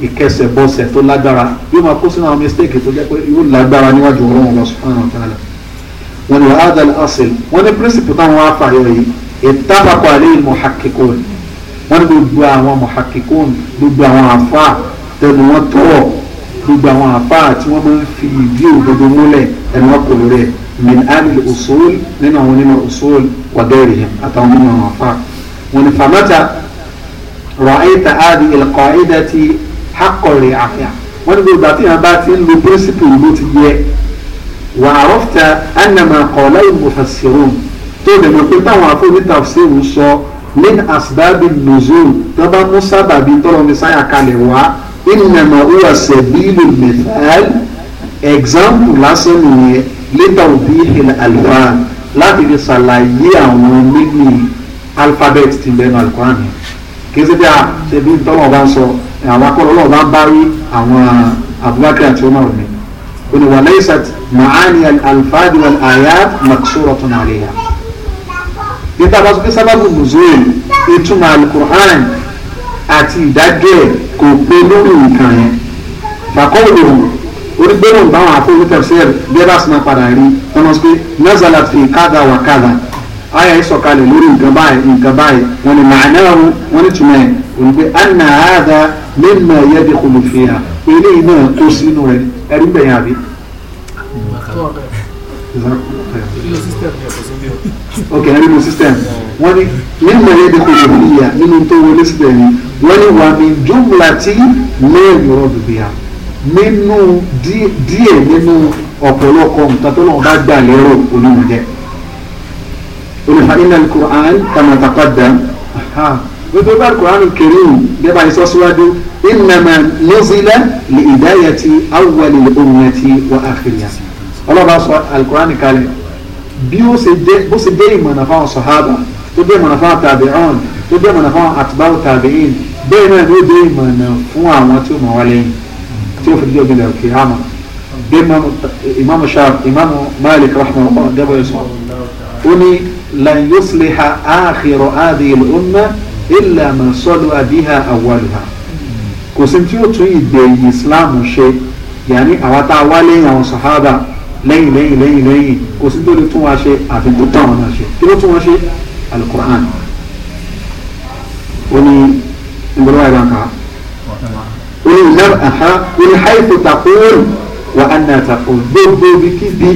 ìkẹsẹ̀bọsẹ̀ tó lágbára yóò máa kó sínú àwọn mistake tó jẹ́ pé yóò lágbára níwájú ọlọ́run lọ subhanahu wa wọn ni wàhálà wọ́n ní gbogbo àwọn mọ̀hàkìkún gbogbo àwọn àfáà tẹnu wọn tọ̀rọ̀ gbogbo àwọn àfáà tí wọ́n máa ń fi ìdí òdodo múlẹ̀ ẹnu wọn kò lórí ẹ̀ min alil usul nínú àwọn nínú usul wàgẹ́rì yẹn àtàwọn nínú àwọn àfáà wọn ní fàmátà ra'ayta adi ilqa'idati haqqari àfíà wọ́n ní gbogbo àti yàrá ti ń lo principle ló ti yẹ wà àrọ́fta anamá kọ̀ọ̀lá ìmùfàsirun tó lè mọ̀ pé min asbabi nuzul tó bá mú sábàbí tọ́lọ́ mẹ́sáyà kalẹ̀ wá ìnàmà huwa sẹ̀bílù mẹ́fàl ẹ̀gzámpù lásán nìyẹn lẹ́tà òbí ìhìlẹ̀ àlùfà láti fi ṣàlàyé àwọn mímì alifábẹ́ẹ̀tì ti bẹ́ẹ̀ nù Al-Qur'an kì í ṣe bí a ṣe bí tọ́lọ́ bá ń sọ àwọn akọ́lọ́ lọ́wọ́ bá ń bá àwọn abubakar àti umar mi. وليست معاني الألفاظ والآيات مقصورة عليها nípa bá sọ pé sábàbù nùzúlù ìtumọ̀ alukur'an àti ìdájọ́ ẹ̀ kò pé lórí nǹkan yẹn bàkọ́wò ló hù orígbóhùn báwọn àfọwọ́ tafsir bí ẹ bá sì máa padà rí wọn sọ pé nazalat fi kada wa kada ayé sọ̀kalẹ̀ lórí nǹkan báyìí nǹkan báyìí wọn ni màánáàrú wọn ni tùmẹ̀ wọn pé anna hadha mimma yadkhulu fiha eléyìí náà tó sínú rẹ ẹrí bẹ̀yìn ok nínú system wọ́n ní nínú ẹ̀yẹ́ dípò ìròyìnìyà nínú tó wọlé síbẹ̀ ni wọ́n ní wà mí jùmùlà tí mẹ́rin ọ̀rọ̀ bìbí à nínú díẹ̀ nínú ọ̀pọ̀lọpọ̀ nǹkan tó náà bá gbà lérò onímọ̀jẹ́ olùfàdínà alukur'an tàmàtàkọ́dà nítorí bá alukur'an kẹrin bẹ́ẹ̀ bá yẹ sọ síwájú ìnàmà nọ́sílẹ̀ lè ìdáyàtì awwalil ummati wà bí ó ṣe dé bó ṣe dé ìmọ̀nà fáwọn sọ̀hábà tó dé ìmọ̀nà fáwọn tàbíọ̀n tó dé ìmọ̀nà fáwọn àtibáwò tàbíìn bẹ́ẹ̀ náà ló dé ìmọ̀nà fún àwọn tí ó mọ̀ wá lẹ́yìn tí ó fi dé ọ̀gbìn lẹ́yìn kìámà bí imamu shaf imamu malik rahmanulah dábọ̀ yẹn sọ ó ní lan yusliha akhiru adil umma illa man sọlu kò sí tí ó tún ìgbẹ̀yìn islam ṣe yàní àwa tá àwọn sọ̀hábà lẹ́yìn lẹ́yìn lẹ́yìn lẹ́yìn kò sí tó lè tún wa ṣe àfihàn táwọn náà ṣe kí ló tún wa ṣe alukur'an ó ní ìgbọ́dọ̀ wáyé báńkà ó ní ìlànà àhá ó ní haifu takuru wa anna takuru gbogbo bí kí bí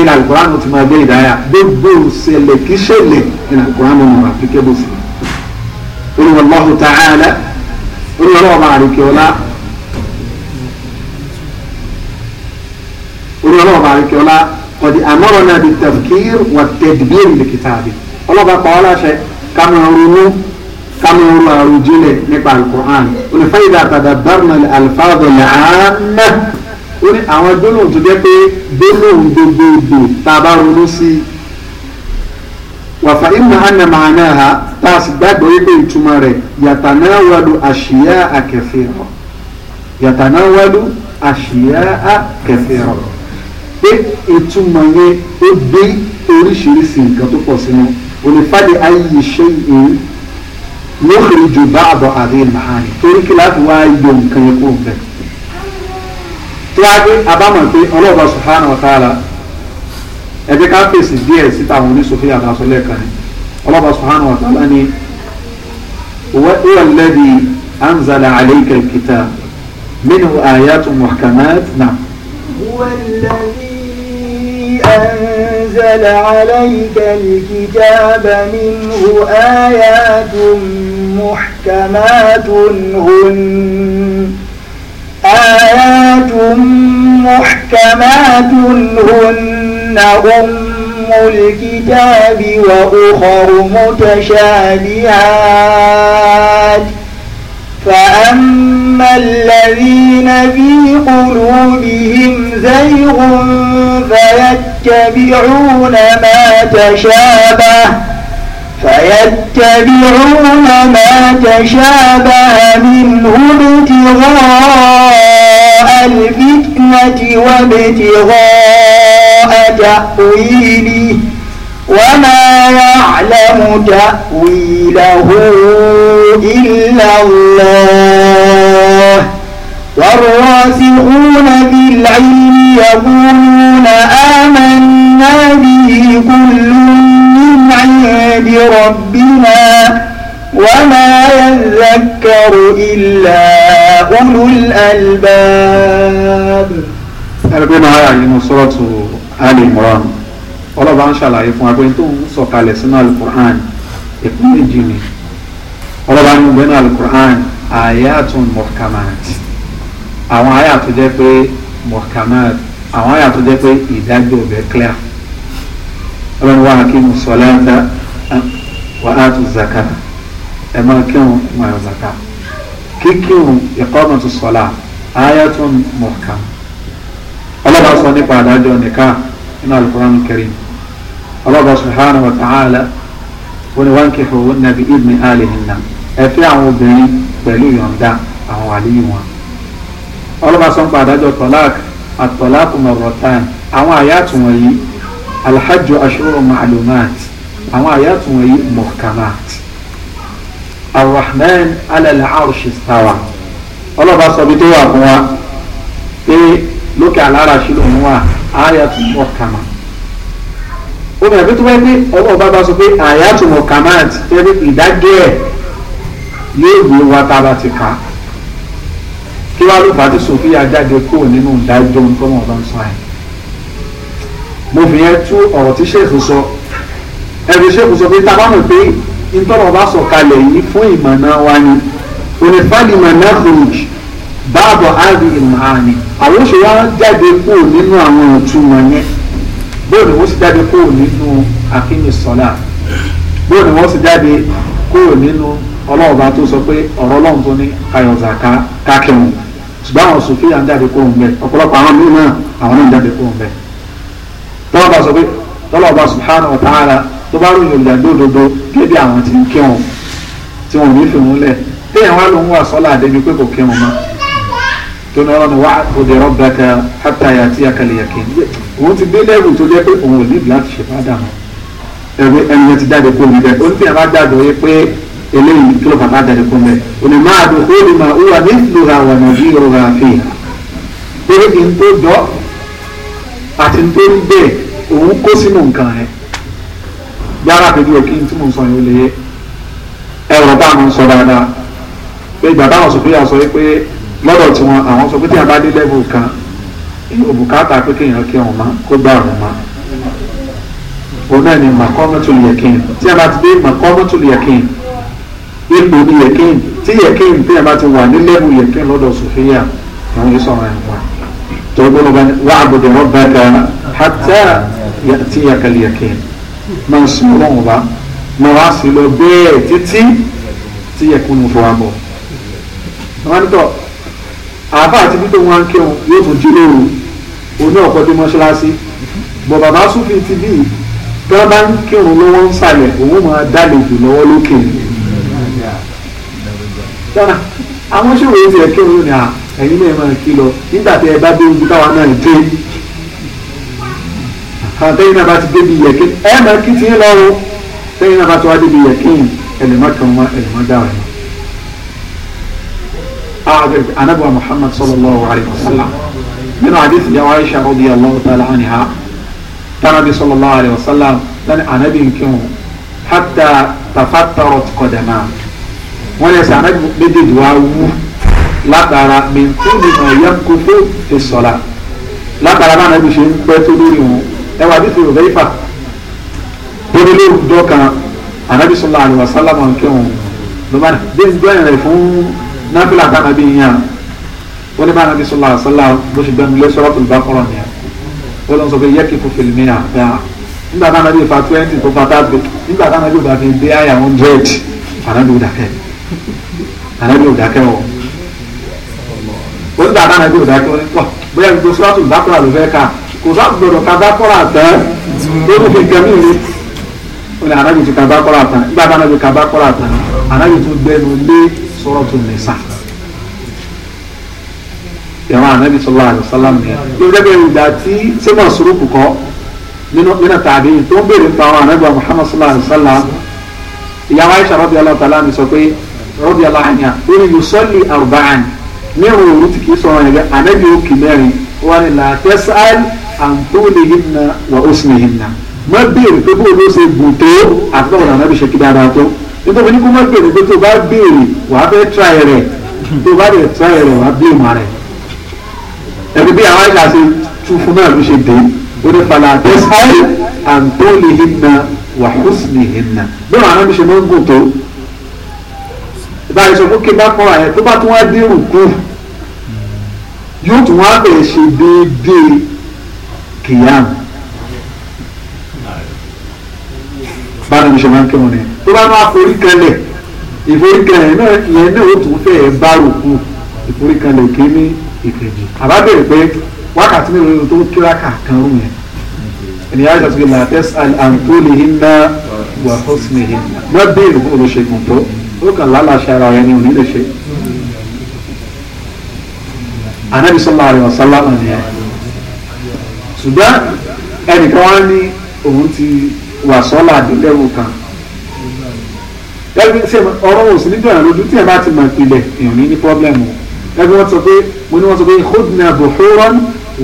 ìlà alukur'an ti máa gbé ìdáyà gbogbo ṣẹlẹ̀ kí ṣẹlẹ̀ ìlà alukur'an mọ̀ àfikẹ́ bó sì ó ní wàlláhu ta'ala ó ní wàlláhu bá orí ọlọ́ọ̀bà àríkíọ́lá ọ̀dì àmọ́rọ̀ náà di tafkir wà tẹ̀dìbíyèrè lè kìtàbí ọlọ́ọ̀bà pa wá láṣẹ kámẹ́rún ronú كما أرجل نبع القرآن فإذا تدبرنا الألفاظ العامة orí àwọn gbólóhùn tó jẹ́ pé gbólóhùn gbogbogbò tá a bá ronú sí i wàfà ìmọ̀ ànàmà ànáhà tá a sì gbàgbọ́ wípé ìtumọ̀ rẹ̀ yàtànáwádù àṣìyá àkẹfẹ́ rọ̀ yàtànáwádù àṣìyá àkẹfẹ́ rọ̀ pé ìtumọ̀ yẹn ó gbé oríṣiríṣi nǹkan tó pọ̀ sínú onífàdé ayé iṣẹ́ yìí yóò fi ju bá àbọ̀ àbí màánì torí kí láti wá yọ nǹkan yẹn kó bẹ̀. tí wàá gbé abámọ̀ pé ọlọ́ọ̀bá subhanahu wa ta'ala ẹgbẹ́ ká fèsì díẹ̀ síta àwọn oníṣòfin àtàṣọ lẹ́ẹ̀kan ni ọlọ́ọ̀bá subhanahu wa ta'ala ni huwa alladhi anzala alayka alkitab minhu ayatun muhkamat náà. هو الذي أنزل عليك الكتاب منه آيات محكمات هن آيات محكمات هن أم الكتاب وأخر متشابهات فأما الذين في قلوبهم زيغ فيتبعون ما تشابه فيتبعون ما تشابه منه ابتغاء الفتنة وابتغاء تأويله وما يعلم تأويله إلا الله والراسخون بالعلم يقولون آمنا به كل من عند ربنا وما يذكر إلا أولو الألباب ربنا يعلم سورة آل عمران ọlọ́ba ń ṣàlàyé fún apẹ́ tó ń sọ̀kalẹ̀ sínú alukur'an ìpín méjì ni ọlọ́ba ń gbẹ́nu alukur'an ayatun muhkamat àwọn àyà tó jẹ́ pé muhkamat àwọn àyà tó jẹ́ pé ìdájọ́ ọbẹ̀ clear ọlọ́run wà kí mo sọ láńtà wà á tún zaka ẹ máa kírun máa zaka kíkírun iqamatu sọlá ayatun muhkam ọlọ́ba sọ nípa àdájọ́ nìkan nínú alukur'an karim ọlọ́ba subhanahu wa ta'ala ó ní wọ́n kẹfọ́ ó nàbí ibni alihinna ẹ fẹ́ àwọn obìnrin pẹ̀lú yọ̀ǹda àwọn àlíyìn wọn. ọlọ́ba sọ ń pa àdájọ́ tọ́lák àtọ́lákù mọ̀rọ̀tán àwọn àyàtù wọ̀nyí alhajj ashuru ma'lumat àwọn àyàtù wọ̀nyí muhkamat arrahman alal arshi stawa ọlọ́ba sọ bí tó wà fún wa pé lókè alára ṣílò ń wà àyàtù muhkamat ó bẹ̀rẹ̀ pé tó wáyé pé ọwọ́ ọba bá sọ pé àyàtúmọ̀ kamad tẹ́ pé ìdájọ́ ẹ̀ yóò gbé wa tá a bá ti kà á kí wàá ló fàájú sòfin ajáde kúrò nínú ìdájọ́ nǹkan ọba ń sọ ẹ̀ mo fi yẹn tú ọ̀rọ̀ tí sèkù sọ ẹ̀rù sèkù sọ pé tábà mọ̀ pé ntọ́nà ọba sọ kalẹ̀ yìí fún ìmọ̀nà wa ni onífàdìmọ̀ náà fòrùjì báàbọ̀ áàbì ìmọ̀ àná àwọn òṣèré wa jáde kúrò nínú àwọn òtún yẹn bóòlù wọ́n sì jáde kúrò nínú akínní sọ́lá bóòlù wọ́n sì jáde kúrò nínú ọlọ́run bá tó sọ pé ọ̀rọ̀ ọlọ́run tó ní ayọ̀zà ká kákẹ́hùn ṣùgbọ́n àwọn sòfíà ń jáde kúrò ńbẹ ọ̀pọ̀lọpọ̀ àwọn míì náà àwọn náà ń jáde kúrò ńbẹ. tọ́lọ́ bá sọ pé tọ́lọ́ bá subhanahu wa ta'ala tó bá ròyìn olùdá gbódodo débi àwọn tí ń kírun tí wọn ò ní fi wọn lẹ̀ téèyàn wá ló ń wà sọ́lá débi pé kò kírun mọ́ tó ní ọlọ́run wá òde rọ́bàkà hàtàyà tí a kàlẹ̀ òun ti dé lẹ́rù tó jẹ́ pé òun ò níbi láti ṣe bá dànù ẹ̀rù ẹni yẹn ti jáde kóun bẹ́ẹ̀ ó ní bíyànjú àgbàdo yẹ pé eléyìí kí ló bàbá jáde kóun bẹ́ẹ̀ òní máa dùn kó ní ma wúwa ní ìlúra wà ní bí ọ̀rọ̀ àfihàn pé kí n tó jọ àti n tó ń bẹ̀ òun kó sínú nǹkan rẹ̀ yàrá pẹ̀lú ẹ̀ kí n tí mò sọ yẹn lè yẹ ẹ̀rọ bá mi sọ dáadáa pé ìgbà táwọn sọ pé àwọn sọ pé lọ́dọ̀ tiwọn àwọn sọ pé tí a bá dé level kan òbùkátà pé kéèyàn kí ọ̀hún má kó gbà ọ̀hún má òun náà ni maqamatul yaqin tí a bá ti dé maqamatul yaqin ipò ní yaqin tí yaqin tí a bá ti wà ní lẹ́bù yaqin lọ́dọ̀ sòfíà àwọn yìí sọ̀rọ̀ ẹ̀ wá tó gbọ́dọ̀ bá ní wa'bud rabbaka hatta ya'tiyakal yaqin máa sùn lọ́wọ́ bá máa wá sí lọ bẹ́ẹ̀ títí tí yaqin mo fọwọ́ bọ̀ àáfà àti bí tó wọn ń kírun yóò tún o oní ọ̀pọ̀ dé mọ́ṣáláṣí bọ̀ bàbá súfì ti bí tí wọ́n bá ń kírun lọ́wọ́ ń sàlẹ̀ òun máa dálejò lọ́wọ́ lókè àwọn ṣòro ti ẹ̀ kírun ní à ẹ̀yin náà máa kí lọ nígbà tí ẹ bá dé ibi táwa náà dé àtẹ̀yìn náà bá ti débi yẹ̀kín ẹ máa kí ti ń lọ́rùn tẹ̀yìn náà bá ti wá débi yẹ̀kín ẹ̀lẹ́mọ̀ kan wá ẹ̀lẹ́mọ̀ dára anabi wa muhammad sallallahu alayhi wa sallam nínú hadith yàwó aisha radiyallahu ta'ala anha tanabi sallallahu alayhi wa sallam lani anabi nkirun hatta tafattarat qadama wọn yẹ sẹ anabi méjèèjì wa wú látara mintoni ma yankofo fi sọla látara náà anabi ṣe ń pẹ́ tó lórí wọn ẹ wà bí tòun bẹ́ẹ̀ fà tóbi lóru dọ́ kan anabi sallallahu alayhi wa sallam nkirun ló bá dé ń náfìlà dáná bí yíyan wọ́n ní bá nàbí sọlá sọlá bó ṣe gbẹmí lé sọ́rọ́ tó bá kọ́rọ̀ nìyẹn wọ́n lọ sọ pé yẹ́kì kò fèlè mìíràn dáa nígbà táwọn ẹbí fa twenty tó fa thirty nígbà táwọn ẹbí ò bá fi dé àyà hundred ànábi ò dákẹ́ ànábi ò dákẹ́ o onígbà táwọn ẹbí ò dákẹ́ o ní pọ̀ bóyá gbogbo sọ́rọ́ tó bá kọ́rọ̀ ló fẹ́ ká kò sọ́ọ́ gbọ́dọ̀ ká bá kọ́rọ̀ àtẹ́ lórí fi gẹ́mí rí o ní ànábi ti ká bá kọ́rọ̀ àtẹ́ nígbà táwọn ẹbí ká bá kọ́rọ̀ àtẹ́ ànábi tó gbẹnu lé suratul nisa ìran anabi sallallahu alaihi wasallam ni yóò dẹ́gbẹ́ ìgbà tí sẹ́mọ̀ sùrùkù kọ́ nínú tàbí tó ń béèrè nípa àwọn anabi muhammad sallallahu alaihi wasallam ìyàwó aisha radiyallahu ta'ala mi sọ pé radiyallahu anha lórí yusalli arba'an ní ìrò òru tí kìí sọ̀rọ̀ yẹn anabi ó kì mẹ́rin wọn ni la tas'al an tulihinna wa husnihinna má béèrè pé bóòlù ó ṣe gùn tó àti báwo ni anabi ṣe kí dáadáa tó nítorí ní kó má béèrè pé tó bá béèrè wàá fẹ́ tra ẹ̀ rẹ̀ tó bá dẹ̀ tra ẹ̀ rẹ̀ wàá bí ìmọ̀ rẹ̀ ẹ̀mí bí àwọn àṣà ṣe tú fún náà ló ṣe dé ó ní fàlà àtẹ́sáré àǹtólì hinna wà húsìnì hinna bí wọn àwọn ṣe máa ń gùn tó báyìí sọ fún kí bá kọ́ àyẹ tó bá tún wá dé rùkú yóò tún wá bẹ̀rẹ̀ ṣe déédéé kìyàm báyìí ṣe máa ń kí wọn ni tó bá máa forí kanlẹ̀ ìforí kanlẹ̀ náà ìyẹn náà ó tún fẹ́ bá rògbò ìforí kanlẹ̀ kéní ìkejì àbá bèrè pé wákàtí mi ò tó kíráka kan rú yẹn ènìyàn àti àtúnṣe làtẹ́sí àǹtólìhìnà wà fọ́sìmìhìn wọ́n bèrè fún olóṣègùn tó ó kàn lálàṣẹ ara ẹni ò ní lè ṣe anabi sallallahu alaihi wasallam nìyẹn ṣùgbọ́n ẹnìkan wá ní òun ti wà sọ́lá àdúgbò kan ẹbí ṣe ọ̀rọ̀ òsì níjọ́ ìrìn lójú tí ẹ bá ti mọ̀ ìpìlẹ̀ ìrìn ní pọ́blẹ́mù ẹbí wọ́n sọ pé mo ní wọ́n sọ pé hudna buhuran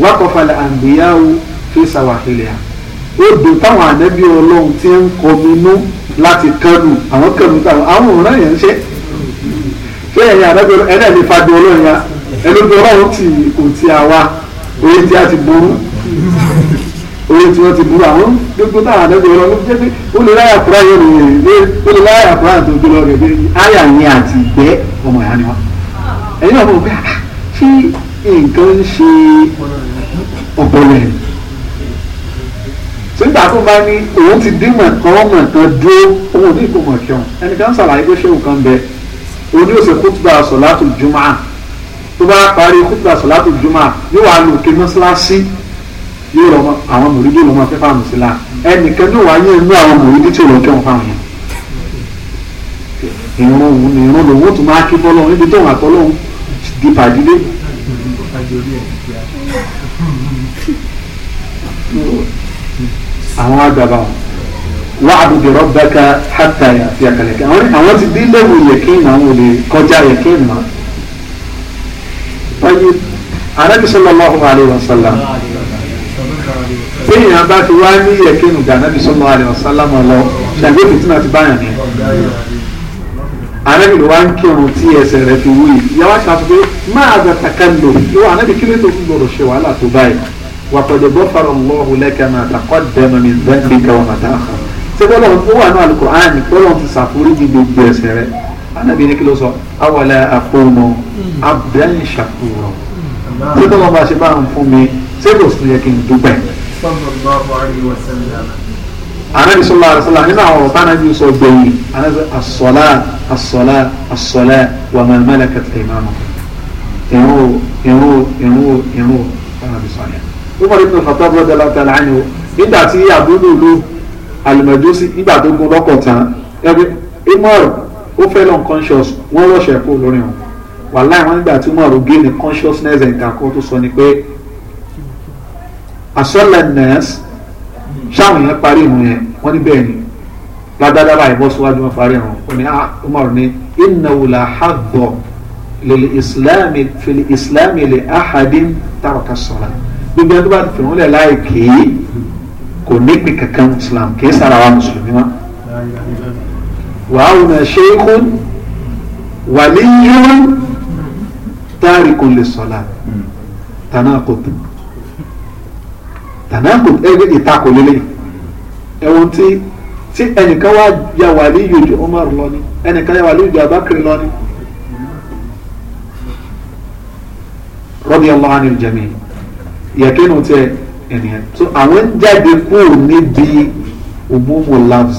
wakọfalẹ̀ àǹdíyáwó fi sàwàhìlẹ̀ odò táwọn ànábì ọlọ́run ti ń kọminú láti kánú àwọn kánú táwọn àwọn òǹrà yẹn ń ṣe ṣé ẹ̀yin ànábì ọlọ́run ẹ̀dá ẹ̀mí fadé ya ẹlòmí ọlọ́run ti kò ti àwa oye tí a ti burú oye tí wọ́n ti burú àwọn gbogbo táwọn àdẹ́gbẹ́ ọlọ́run ló jẹ́ pé ó lè láyà kúrá yẹn rè é ó lè láyà kúrá tó gbé lọ rè é áyà yẹn àti ìgbẹ́ ọmọ ìyá ni wọn. ẹ̀yin náà mọ̀ pé ah, ṣé nǹkan ń ṣe ọ̀pọ̀lẹ̀ sígbà tó bá ní òun ti dín mọ̀kàn mọ̀kàn dúró òun ò ní ìkó mọ̀kàn ẹnìkan ṣàlàyé pé ṣé nǹkan bẹ òun ni ó ṣe kútùbà sọ̀látù jùmọ̀ tó bá parí kútùbà sọ̀látù jùmọ̀ yóò wá lò kí mọ́ṣáláṣí yóò lọ mọ àwọn mòrídì lọ mọ fífa àmì sí la ẹnìkan ní wàá yẹ inú àwọn mòrídì tí ò lọ kẹwọn fáwọn yẹn ìran òun ni ìran lòun ó tún máa kí bọ́lọ́ níbi tóun àtọ́lọ́hún di pàdílé. àwọn àgbàbà wà á dùdú rabbaka hatta àti àkàlẹ̀kẹ́ àwọn ti dín lẹ́wọ̀ yẹ̀kín àwọn olè kọjá yẹ̀kín mọ́. wáyé arábísọ́lá ọlọ́run àlè wàsálà téèyàn bá fi wá ní ẹ̀kẹ́nu gànábì sọ́mọ́ alẹ́ ọ̀sálámọ́ lọ ṣàgbé fìtínà ti báyàn ni anabi ló wá ń kírun tí ẹsẹ̀ rẹ̀ fi wúyì yàrá ṣàtúntò pé máa bàtà kan lò lówó anabi kí ló tó fún gbọdọ̀ ṣe wàhálà tó báyìí wàkọ̀dẹ̀ bọ́ farò lọ́hùn lẹ́kẹ̀ máa tàkọ́ dẹ́mọ̀ mi dẹ́gbẹ́ káwọn máa dáhà ṣé bọ́lá ó wà ní Al-Qur'ani bọ́lá ti ṣàforí ní gbogbo ẹsẹ̀ rẹ̀ anabi ní kí ló sọ awàlẹ̀ àkóónù anabi sọlá àrẹsọlá nínú àwọn ọba anabi sọ gbẹ̀yìn anabi asọlá asọlá asọlá wà má malakat aymanukum ìrún o ìrún o ìrún o ìrún o anabi sọ yẹn. Umar ibn Khattab radiyallahu ta'ala anhu nígbà tí àbúrò ló alùmọ̀jọ́sí nígbà tó gun lọ́kọ̀ tán ẹbí Umar ó fẹ́ lọ́n conscious wọ́n rọ̀ṣẹ̀ kó lórí wọn wàláì wọn nígbà tí Umar gé ní consciousness ẹ̀ka kó tó sọ ni pé àṣẹlẹ̀ nẹ́ẹ̀sì ṣáwọn yẹn parí ìrun yẹn wọ́n ní bẹ́ẹ̀ ni lágbádá báyìí bọ́ síwájú wọn parí ìrun wọn ni ah, Umar ní innahu la haddọ lil islam fil islam li ahadin taraka salat gbogbo ẹni tó bá ti fìrún lẹ̀ láì kéé kò ní kankan Islam kéé sára wa mùsùlùmí wa. wàá wùnà sheikhun wàlíyún tárìkùn lè sọ̀la tànà kò tó tànàkù ẹgbẹ́ ìtakò lélẹ̀ ẹ̀wọ̀n tí tí ẹnìkan wá ya wàlíyù ju Umar lọ ni ẹnìkan ya wàlíyù ju Abakar lọ ni radiyallahu anil jami yẹ̀kínú tẹ ẹnìyẹn so àwọn jáde kúrò níbi umumu labs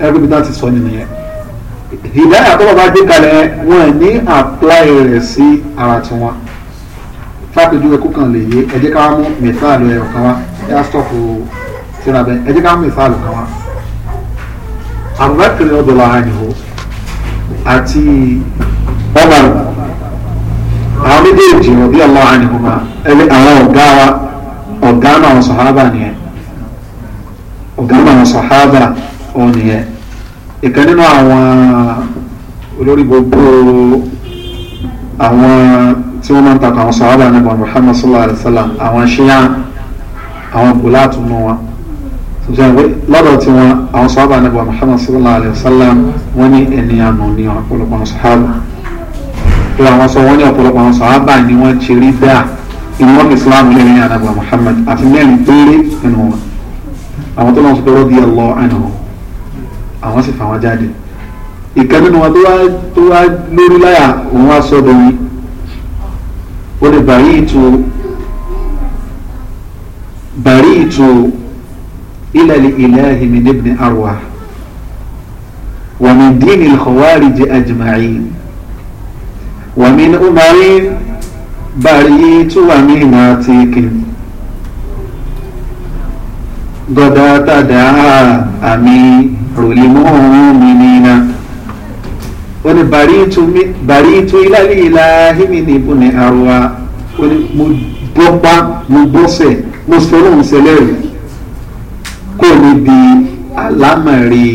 everybody that is funny nìyẹn ìdáyà tó bàbá gbé kalẹ̀ wọn ní apply rẹ̀ sí ara tiwọn kápẹ́jú ẹkú kan lè yé ẹ jẹ́ ká mú mẹ́sàlù ẹ̀rọ kan wá ẹ̀ á sọ̀kò síra bẹ́ẹ̀ ẹ jẹ́ ká mú mẹ́sàlù kan wá. àbúbákiri ọdọ la àyìnbó àti ọmọ àwọn méjèèjì ọbí ọlọ àyìnbó ma ẹni àwọn ọ̀gá wa ọ̀gá náà sọ̀hábà nìyẹn ọ̀gá náà sọ̀hábà ọ̀ nìyẹn ìkan nínú àwọn olórí gbogbo àwọn tí wọ́n máa ń takò àwọn sàhábà nípa Muhammad sallallahu alayhi wa sallam àwọn ṣíyá àwọn gùláàtù nù wọn sọ̀tún ẹ̀wẹ́ lọ́dọ̀ tí wọn àwọn sàhábà nípa Muhammad sallallahu alayhi wa sallam wọ́n ní ènìyàn nù ní ọ̀pọ̀lọpọ̀ àwọn sàhábà pé àwọn sọ wọ́n ní ọ̀pọ̀lọpọ̀ àwọn sàhábà ni wọ́n ti rí bẹ́à ìwọ́n Islam lè ní ànàbà Muhammad àti mẹ́rin péré nínú wọn àwọn tó lọ́n sọ pé radiyallahu anhu àwọn sì fà wọ́n jáde ìkànnì wọn tó wá lórí láyà òun wá sọ́dọ̀ yìí ó ní bàríìtù bàríìtù ilẹ̀ ilẹ̀ ìmìnì ibn arwa ومن دين الخوارج أجمعين ومن أمر بريت ومن عتيق غدا تدعى أمير المؤمنين wọ́n ní bàrí ìtú ìlàlí ìlà hímì ní ibùn ní àrùwá wọ́n ní mo bọ́pá mo bọ́sẹ̀ mo sọ lóun sẹlẹ̀ rẹ̀ kó o níbi alámàrí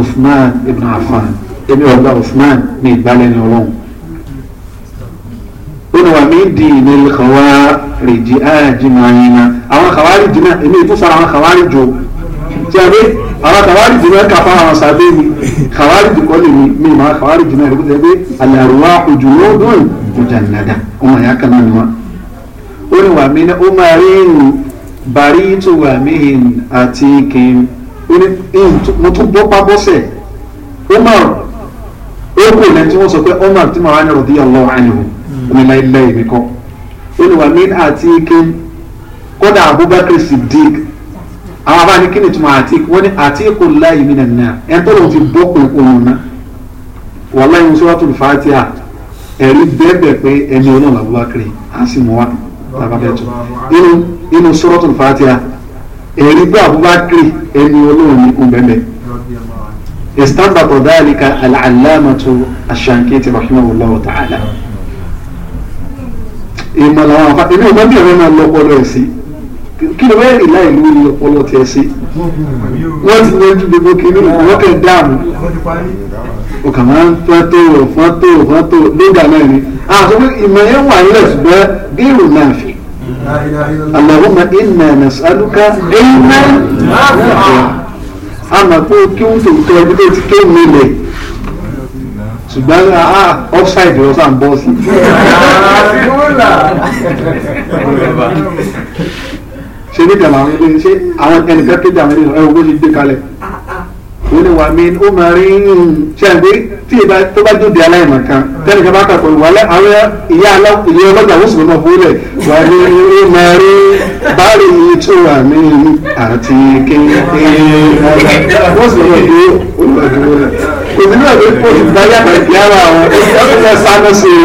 Uthman ibn Affan èmi ọba Uthman ní ìgbàlẹ́nu ọlọ́run wa min diinil khawariji ajmaina àwọn khawariji náà èmi ìtúsára àwọn khawariji o tí a bẹ àwọn kàwárì jù náà kàfà àwọn sàbẹ̀ mi kàwárì jù kọ́ lè mi mi máa kàwárì jù náà rẹ̀ kúta pé àlàrúwá ojú ló dùn ìjà nàdà ọmọ ìyá kan náà ni wọn. ó ní wàmí ní ó máa rí ìrìn bàrí tó wàmí ìrìn àti kìí ó ní mo tún bọ́ pa bọ́sẹ̀ ó máa ó kò lẹ́yìn tí wọ́n sọ pé Umar tí màá ní ọ̀dí ọlọ́wọ́ àyẹ̀wò onílẹ̀ ilẹ̀ ìmìkọ́ Abubakar Siddiq àwọn abáni kí ni tuma àtíkù wọ́n ní àtíkù láì mí nà nà ẹ̀ tó lóun ti bọ́ pé òun ná wàlá ìwọ̀n suratul Fatiha ẹ̀rí bẹ́ẹ̀ pé ẹni ọlọ́run Abubakar á sì mú wa tábàbẹ́tù inú inú suratul Fatiha ẹ̀rí pé Abubakar ẹni ọlọ́run ní kún bẹ́ẹ̀ istanbata dhalika al-allamatu ash-Shankiti rahimahullahu ta'ala ìmọ̀lá wọn àfa èmi ò bá bí ẹ̀rọ náà kí ló mẹ́rin láì lórí ọpọlọ tẹ̀ sí wọ́n ti yanjú gbogbo kiri wọ́n kẹ́ o ọkà máa ń fọ́tò fọ́tò fọ́tò lóga náà ni a pé ìmọ̀ yẹn wà nílẹ̀ ṣùgbọ́n bírù náà fi Allahumma inna nas'aluka ẹ̀yìnmá àmà pé kí wọ́n tòótọ́ ẹbí tó ti ké nílẹ̀ ṣùgbọ́n offside lọ́sàn bọ́ọ̀sì. (laughs) (laughs) ṣe níkan làwọn ilé ṣe àwọn ẹnìkan kéde àwọn ilé ẹwọ bó ṣe gbé kalẹ̀ ó ah, ah. ní wà mí ó máa rí ṣàgbé tí ìbá tó bá dòde aláìmọ̀ kan tẹnìkan bá kà pẹ̀lú wàhálà àwọn ìyá ìyá ọlọ́jà ó sì lọ́mọ fún rẹ̀ wà mí ó máa rí báàrí tó wà mí àti kékeré wọ́n sì lọ́mọ dúró olùwàdúró rẹ̀ òmìnira ló pọ̀ ìgbáyà pẹ̀lú àwọn ẹgbẹ́ ọ̀sán náà sí i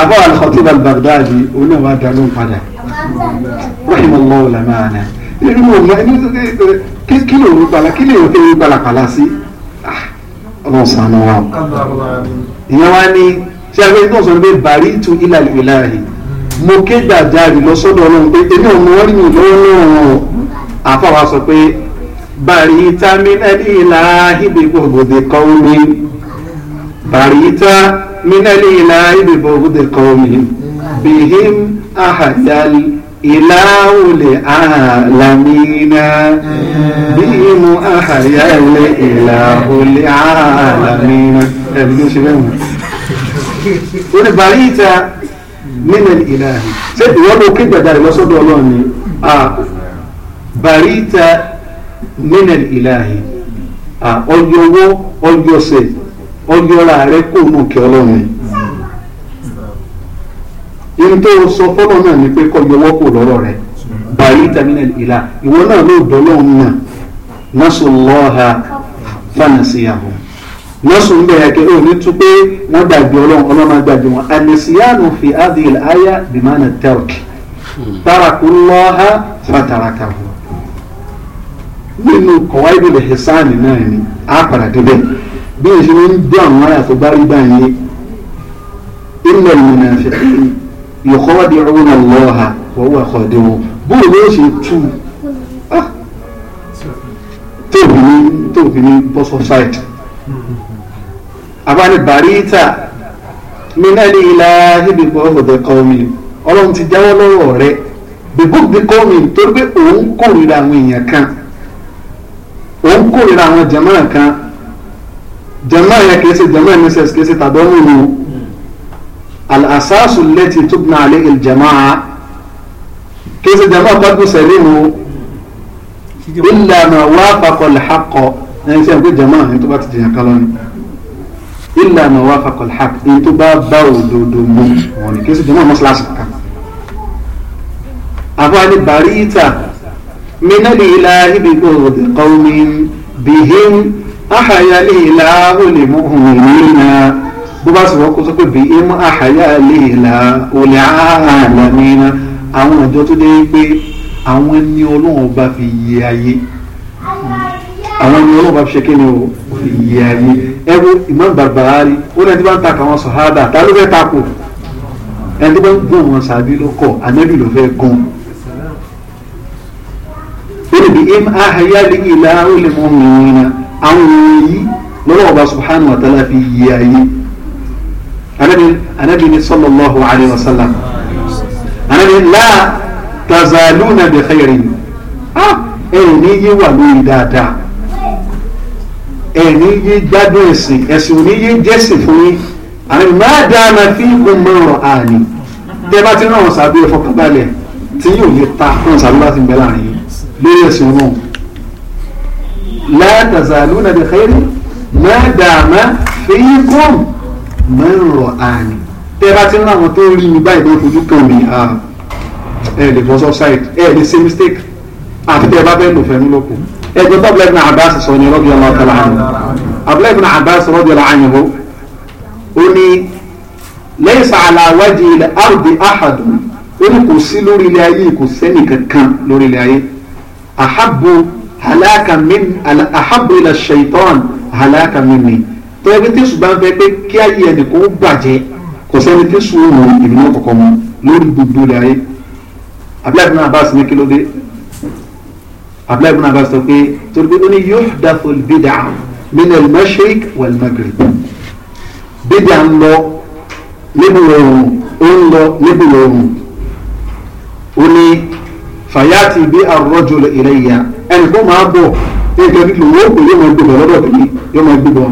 àbọ̀ al-Khatib al-Baghdadi olóòwò adalóhùn padà rahimallahu lamana irú ọ̀la kí ló ń gbala kí ló ń gbala pàlà sí ah, ọlọ́run sànù wa ìyẹn wá ní ṣé abẹ́rẹ́ tó ń sọ pé bàrí tu ilà ìlàhì mo ké gbàjarì lọ ọlọ́run pé èmi ò mọ rí mi lọ́wọ́ náà àfọwọ́ sọ pé bàrí tamínẹ́lì ìlàhì bí gbogbo dè kọ́ mi. بريتا من الإله ببغض قومهم بهم أحد الإله العالمين بهم أحد الإله العالمين wọ́n ní barita nínú ìlànà ṣé ìwọ́n ló ké gbàdá rẹ̀ lọ́sọ́dọ̀ ọlọ́run ni barita nínú ìlànà ọjọ́ owó ọjọ́ ọ̀sẹ̀ ọyọra rẹ kò nù kí ọlọ́run ni n tó sọ fọlọ náà ni pé kọ yọwọ́ kò lọ́rọ̀ rẹ bàyí tamínà ìlà ìwọ náà ló dọ́lọ́ náà nọ́ọ̀sù lọ́ha fanasíyàwó nọ́ọ̀sù ń bẹ̀rẹ̀ kí ó ní tún pé wọ́n gbàgbé ọlọ́run ọlọ́run gbàgbé wọn àmìsíyànù fi adìyẹ àyà bìmánà tẹ́ọ̀kì tàràkù lọ́ha fàtàràkàwọ̀ nínú kọ̀wáìbìlì hẹsánì náà ni a padà bí èyí ṣe máa ń dé àwọn ará tó bá rí báyìí ilẹ̀ ìmìnà àfihàn yọ̀kọ́wádìí ọ̀rọ̀ náà lọ́ọ́ ha wọ́n wà kọ́ ọ̀dẹ́wò bóun ló ṣe tú ah, tóbi ní tóbi ní bọ́ sọ́sáìtì àbáni bàríta mílẹ̀lì ilá híbi bọ́ ọ̀dẹ̀ kọ́mi ọlọ́run ti jáwọ́ lọ́rọ̀ rẹ bíbú bí kọ́mi torí pé òun kórìíra àwọn èèyàn kan òun kórìíra àwọn jàmáà kan jama yẹn kìí ṣe jama nss kìí ṣe tàbí ọmọ ìlú al-asasu allati tubna alayhi al-jama'a kìí ṣe jama kọ́dún sẹ́lẹ̀mù illa ma wafaqa al-haqq ẹni tí a ń pè jama ẹni tó bá ti jìyàn kálọ́ ni illa ma wafaqa al-haqq ẹni tó bá bá òdodo mu wọn ni kìí ṣe jama mọ́ṣáláṣí kan àfọwọ́ni bàríìtà min al-ilahi bi bughdi qawmin bihim ahaya lilahu lil mu'minina bó bá sì wọ́n kó sọ pé bí im ahaya lilahu lil alamina àwọn àjọ tó dé pé àwọn ni ọlọ́run bá fi yẹ ayé àwọn ni ọlọ́run bá fi ṣe kí ni o fi yẹ ayé ẹgbẹ́ Imam Barbahari ó lẹ́ni tí wọ́n ń ta àwọn sọ̀hádà tá ló ẹni tí wọ́n ń gún àwọn sàbí ló kọ̀ ló fẹ́ gún ó lè bí im ahaya lilahu lil mu'minina àwọn èèyàn yìí lọ́wọ́ ọba subhanahu wa ta'ala fi yí ayé anabi ni sallallahu alayhi wa sallam anabi la tazaluna bi khairin ah ẹ̀yìn ní yé wà lórí dáadáa ẹ̀yìn ní yé gbádùn ẹ̀sìn ẹ̀sìn òní yé jẹ́sìn fún yín anabi máa dáa máa fi gbọmọràn àní tẹ́ bá ti rán ọ̀sán abẹ́rẹ́ fọkànbalẹ̀ tí yóò lè ta ọ̀sán bá ti bẹ̀ láàrin lórí ẹ̀sìn náà. لا tazaluna بخير، ما دام فيكم من man ra'ani tẹ́ bá ti ń ráwọn tó rí mi báyìí ló fojú kan mi ah, ẹ lè bọ́ sọ́sáìd ẹ lè ṣe mistake àti tẹ́ bá bẹ́ẹ̀ lò fẹ́ mú lóko ẹ gbọ́dọ̀ bá Abdullahi ibn Abbas sọ ní radiyallahu ta'ala anhu Abdullahi ibn Abbas radiyallahu anhu ó ní laysa ala wajhi al-ardi ahadun ó ní kò sí lórí ilẹ̀ ayé kò sẹ́nì lórí ilẹ̀ ayé ahabbu halaka min ahabu ila shaitan halaka minni tọ́yẹ pé tíṣù bá ń fẹ́ pé kí ayé ẹnì kò bàjẹ́ kò sẹ́ni tíṣù òun ìlú náà kọ̀kọ́ mu lórí gbogbo ilẹ̀ ayé abdullahi ibn abbas ní kí ló dé abdullahi ibn abbas sọ pé torí pé ó ní yuhdathu al-bid'a min al-mashriq wal-maghrib bídà ń lọ níbùrọ̀ òun ó ń lọ níbùrọ̀ òun ó ní fayati bi ar-rajul ilayya ẹnìkan máa bọ̀ nǹkan dídùn yóò gbé yóò máa gbé bọ̀ lọ́dọ̀ tèmi yóò máa gbé bọ̀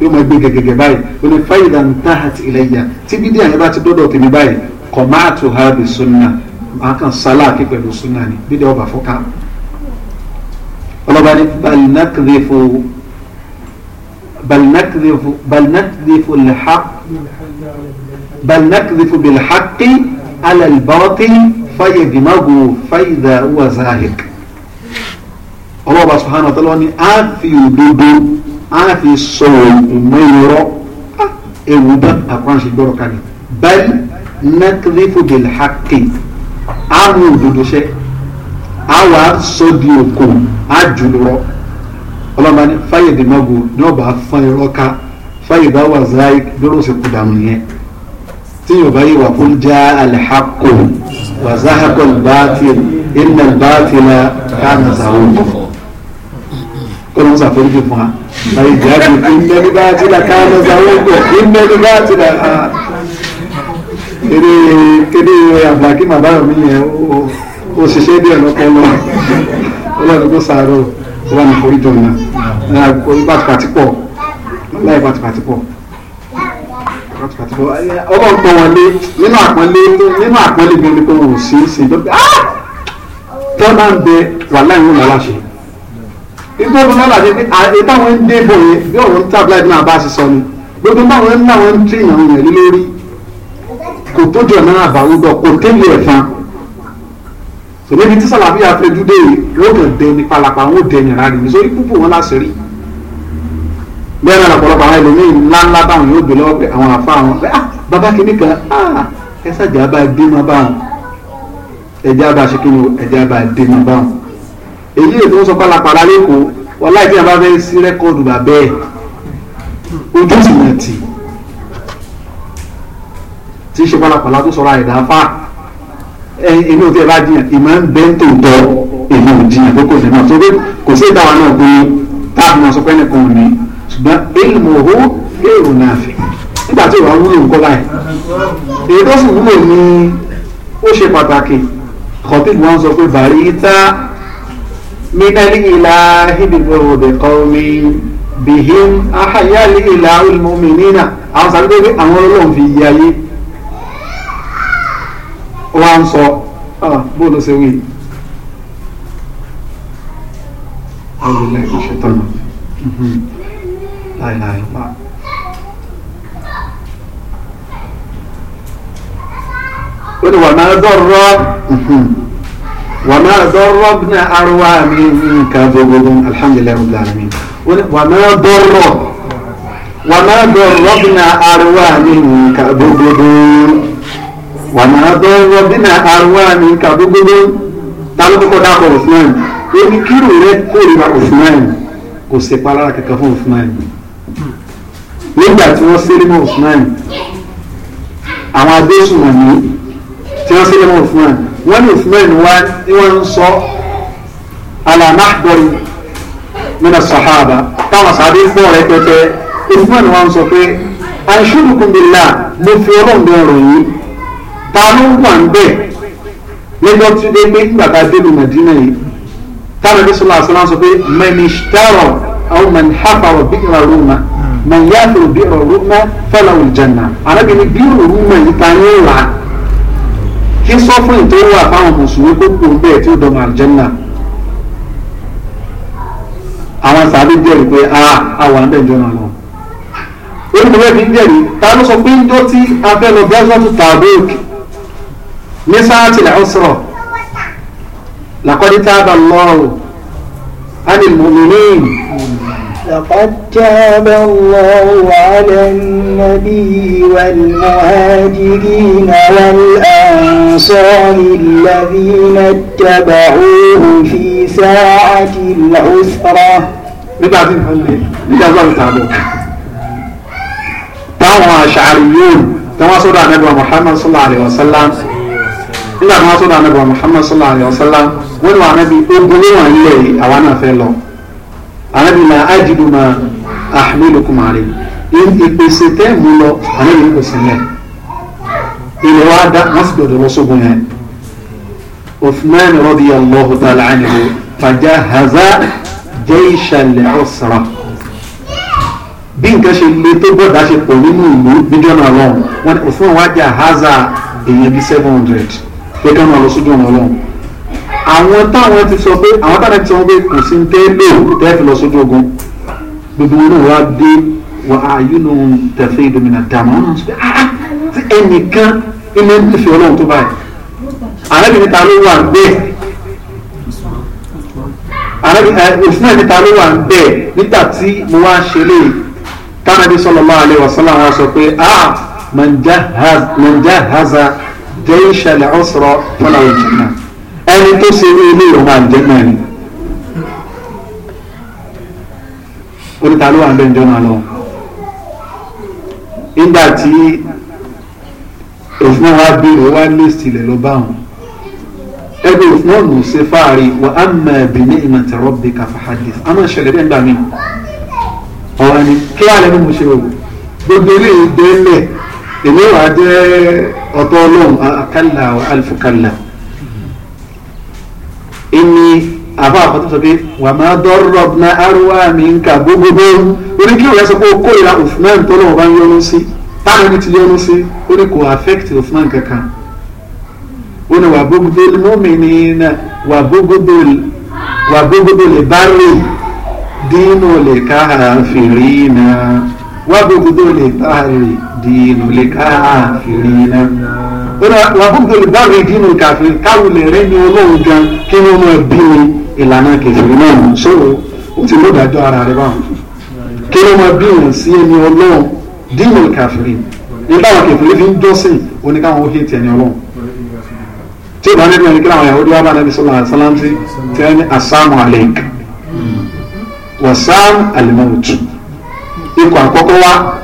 yóò máa gbé gẹ́gẹ́ báyìí ó ní fáyidà ń tá àti ilẹ̀ yà tí bídí àyè bá ti dọ́dọ̀ tèmi báyìí kọ̀ máa tó ha bí sunna máa kàn sálà kí pẹ̀lú sunna ni bídí ọba fọ́ká. ọlọ́ba ní balinakirifu balinakirifu balinakirifu lẹ́hà balinakirifu fayedimago fayida ọlọ́ọ̀bá subhanahu wa ta'ala ni a fi òdodo a fi sọ òògùn mẹ́yọrọ ah, ewu bá àkọ́ránṣe gbọ́rọ̀ kalẹ̀ bẹ́ẹ̀ nẹ́kìlífù bil haqqi a mú òdodo ṣe a wà sọ di òkò a jù lọ́rọ́ ọlọ́ọ̀bá ni fáyẹ̀dẹ̀mọ́gbò ní ọba fún irọ́ ká fáyẹ̀dẹ̀wà zai lọ́rọ̀ sì kú dànù yẹn tí yorùbá yìí wà fún já alḥaqu wà záhàkọ̀ bàtìl iná bàtìlá kánà sàwọn kọ́nà ṣàforíjì fún wa láyé ìjáde ìmẹ́ni bá ti là ká lọ sáwọ́ gbọ̀ ìmẹ́ni bá ti là ká kéde kéde àbàkí màbá mi yẹn ó ṣiṣẹ́ bí ọ̀lọ́pọ̀ lọ ọlọ́run tó sàárọ̀ ó wà ní foríjọ náà pàtìpàtì pọ̀ láyé pàtìpàtì pọ̀ pàtìpàtì pọ̀ ọmọ ń pọ̀ wọn lé nínú àpọ́nlé nínú àpọ́nlé gbọ́n ní kò wò sí ṣe lọ́pẹ́ ah! tí ń bẹ wàhálà ìwọ̀n lọ́la ṣe igbó mi náà làdé pé àdé táwọn ń dé bò yẹn bí ọ̀rọ̀ ń tábìlà ìdí náà bá ṣe sọ ni gbogbo táwọn ń náwọn ń tì yàn yàn lórí kò tó jọ náà àbáwúgbọ kò tẹ́lẹ̀ ẹ̀fọn tòlẹ́bi tí sàlàbí àfẹjúdé yóò kàn dẹ ní palapa wọn ò dẹ yàrá rẹ nítorí púpọ̀ wọn láṣẹ rí bẹ́ẹ̀ náà lọ́pọ̀lọpọ̀ àwọn ẹlòmíì ńlá ńlá báwọn yóò gbé lọ́wọ́ pé àwọn àfa àwọn ah bàbá kìíní kan ah ẹ ṣàjà bá dé má báwọn ẹ̀já bá ṣe kí ni ẹ̀já bá èyí ètò wọn sọ pálapàla lẹ́kọ̀ọ́ wọn láì tí a bá fẹ́ sí rẹ́kọ̀dù bàbẹ́ ẹ̀ ojú sì yàn tì tí í ṣe pálapàla tó sọ̀rọ̀ àìdá fà èmi ò tí ẹ bá jiyàn ìmọ̀ ń bẹ́ ń tò tọ́ èmi ò jiyàn tó kò sí náà tó dé kò sí ìdáwà náà pé táàbù náà sọ pé ẹnì kan ò ní ṣùgbọ́n èyí mọ̀ owó èrò náà fẹ́ nígbà tí ìwà wúlò ń kọ́ báyìí èyí tó sì wúlò ní ó ṣe pàtàkì kọ́tí wọn sọ pé bàrí tá من الإله بقرب قوم بهم أحيا الإله المؤمنين àwọn sàbẹ̀ pé àwọn ọlọ́run fi yí ayé wá ń sọ bó ló ṣe wí. ọlọ́run lẹ́yìn ṣetán láìláì pa. ó ní wà máa dọ̀rọ̀ wàmẹ́ dọ́rọ́ ní arúgbó àmì nǹkan gbogbo alhamdulilayi rabbil alamin wàmẹ́ dọ́rọ́ wàmẹ́ dọ́rọ́ ní arúgbó àmì nǹkan gbogbo wàmẹ́ dọ́rọ́ ní arúgbó àmì nǹkan gbogbo ta ló kọ́kọ́ dákọ̀ Usman èmi kírò rẹ kórìíra Usman kò sì palára kankan fún Usman nígbà tí wọ́n sẹ́lẹ̀ mọ́ Usman àwọn adéṣùmọ̀ ní tí wọ́n sẹ́lẹ̀ mọ́ Usman wọ́n ní usman wa ni wọ́n ń sọ alanahdori mina sahaba táwọn sábẹ́ ń pọ̀ rẹpẹtẹ usman wa ń sọ pé aṣọ́dùkúndínlá mo fi ọlọ́run dọ̀rọ̀ yìí ta ló wà ń bẹ̀ lẹ́jọ́ tí dé pé nígbà tá a yìí táwọn ẹbí sọlá àṣẹ náà sọ pé mẹ́nìṣtárọ̀ àwọn mẹ́nìhàfàwọ̀ bí ìrà rúmà mẹ́nìyàtọ̀ bí ìrà rúmà fẹ́lẹ̀ òjànà àrẹ́bìnrin bí ìrà rúmà yìí ta ní ìrà kí sọ́fìn tó wà fáwọn mùsùlùmí kó kú bẹ́ẹ̀ tí ó dọ̀mọ̀ àjẹ́nà àwọn sàbí jẹ́rìí pé ah, a àwọn àbẹ̀jọ́ náà lọ. olùkọ́ bí jẹ́rìí ta ló sọ pé ń dó tí abẹ́ lọ bí ọ́sọ́ tó tàbík ní sáàtì làọ́sọ̀rọ̀ làkọ́dí tá lọ́rùn á لقد تاب الله على النبي والمهاجرين والأنصار الذين اتبعوه في ساعة العسرة بتعطيك الله تعالى تاوى شعريون تاوى صدى نبوة محمد صلى الله عليه وسلم إلا ما صدى نبوة محمد صلى الله عليه وسلم ونوى نبي أبوه إليه أو أنا في الله arábìnrin ajidu ma ahmedukum ari ìpèsè tẹ́ mú lọ arábìnrin kò sí lẹ̀ ilẹ̀ wa dá wọ́n sì dọ̀dọ̀ lọ́sọ̀gbọ̀n yẹn Uthman radiyallahu ta'ala anhu fajahaza jaysha al-usra bí nǹkan ṣe le tó gbọ́dọ̀ ṣe pọ̀ nínú ìlú mílíọ̀nù àlọ́hùn wọn Uthman wájà haza èèyàn bíi seven hundred pé kí wọ́n lọ àwọn táwọn ti sọ pé àwọn táwọn ti sọ pé kò sí tẹ́ lò tẹ́ fi lọ sójú ogun gbogbo wọn náà wá dé wà á yúnú tẹ̀fẹ́ ìdòmìnà dàmú ọ̀nà sọ pé ah, ah, ẹnìkan ilé ń ọlọ́run tó báyìí àrẹ́bí níta ló wà bẹ́ẹ̀ àrẹ́bí òṣìṣẹ́ eh, níta ló wà bẹ́ẹ̀ nígbà tí mo wá ṣe lè tánàbí sallallahu alaihi wasallam àwọn sọ pé ah man jahaza jaysh al-usra fọlá òjì náà ẹni tó ṣe ní ilé ìwọ̀n máa ń jẹ́ náà ni oríta ló wà ń bẹ́ ìjọ náà lọ nígbà tí òfin wa béèrè wá lẹ́sì lẹ̀ lọ bá wọn ẹgbẹ́ òfin náà ló ṣe fáàrí wa amma bi ni'mati rabbika fahadith a máa ṣẹlẹ̀ bẹ́ẹ̀ gbà mí ọ̀rọ̀ ni kí wàá lẹ́nu mo ṣe wò gbogbo ilé ìdẹ́lẹ̀ èmi wàá jẹ́ ọ̀tọ̀ ọlọ́run akálà alfukálà ẹni àfa àkọ́tún sọ pé wà má dọ́rọ̀ na arúgbó mi ń kà gbogbogbò orí kí òun yẹn sọ pé ó kórìíra Uthman tó lọ́wọ́ bá ń yọnu sí táwọn ẹni ti yọnu sí ó kò affect ufman kankan ó ní wà gbogbogbò mu'minina wà gbogbogbò wà gbogbogbò lè bá rè dínú lè kafirina wà gbogbogbò lè bá rè dínú lè kafirina wàhùndùn ìbáwí dínú kàfí káwulẹ̀ rẹ ní olóhùn gan kí wọ́n máa bí mi ìlànà kẹfìrí náà nù sóò ó ti lóòdájọ́ ara rẹ báwọn kí wọ́n máa bí yàn sí ẹni olóhùn dínú kàfìrí ìbáwọ̀ kẹfìrí fi ń jọ́sìn oníkàwọn ó hẹ́ẹ̀tì ẹni olóhùn tí ìbá nínú ẹni kíláwọn yahoo wà bá nàbí sọlá sálámsì tí ní asámu alek hmm. wasaam alimawutu ikọ̀ àkọ́kọ́ wa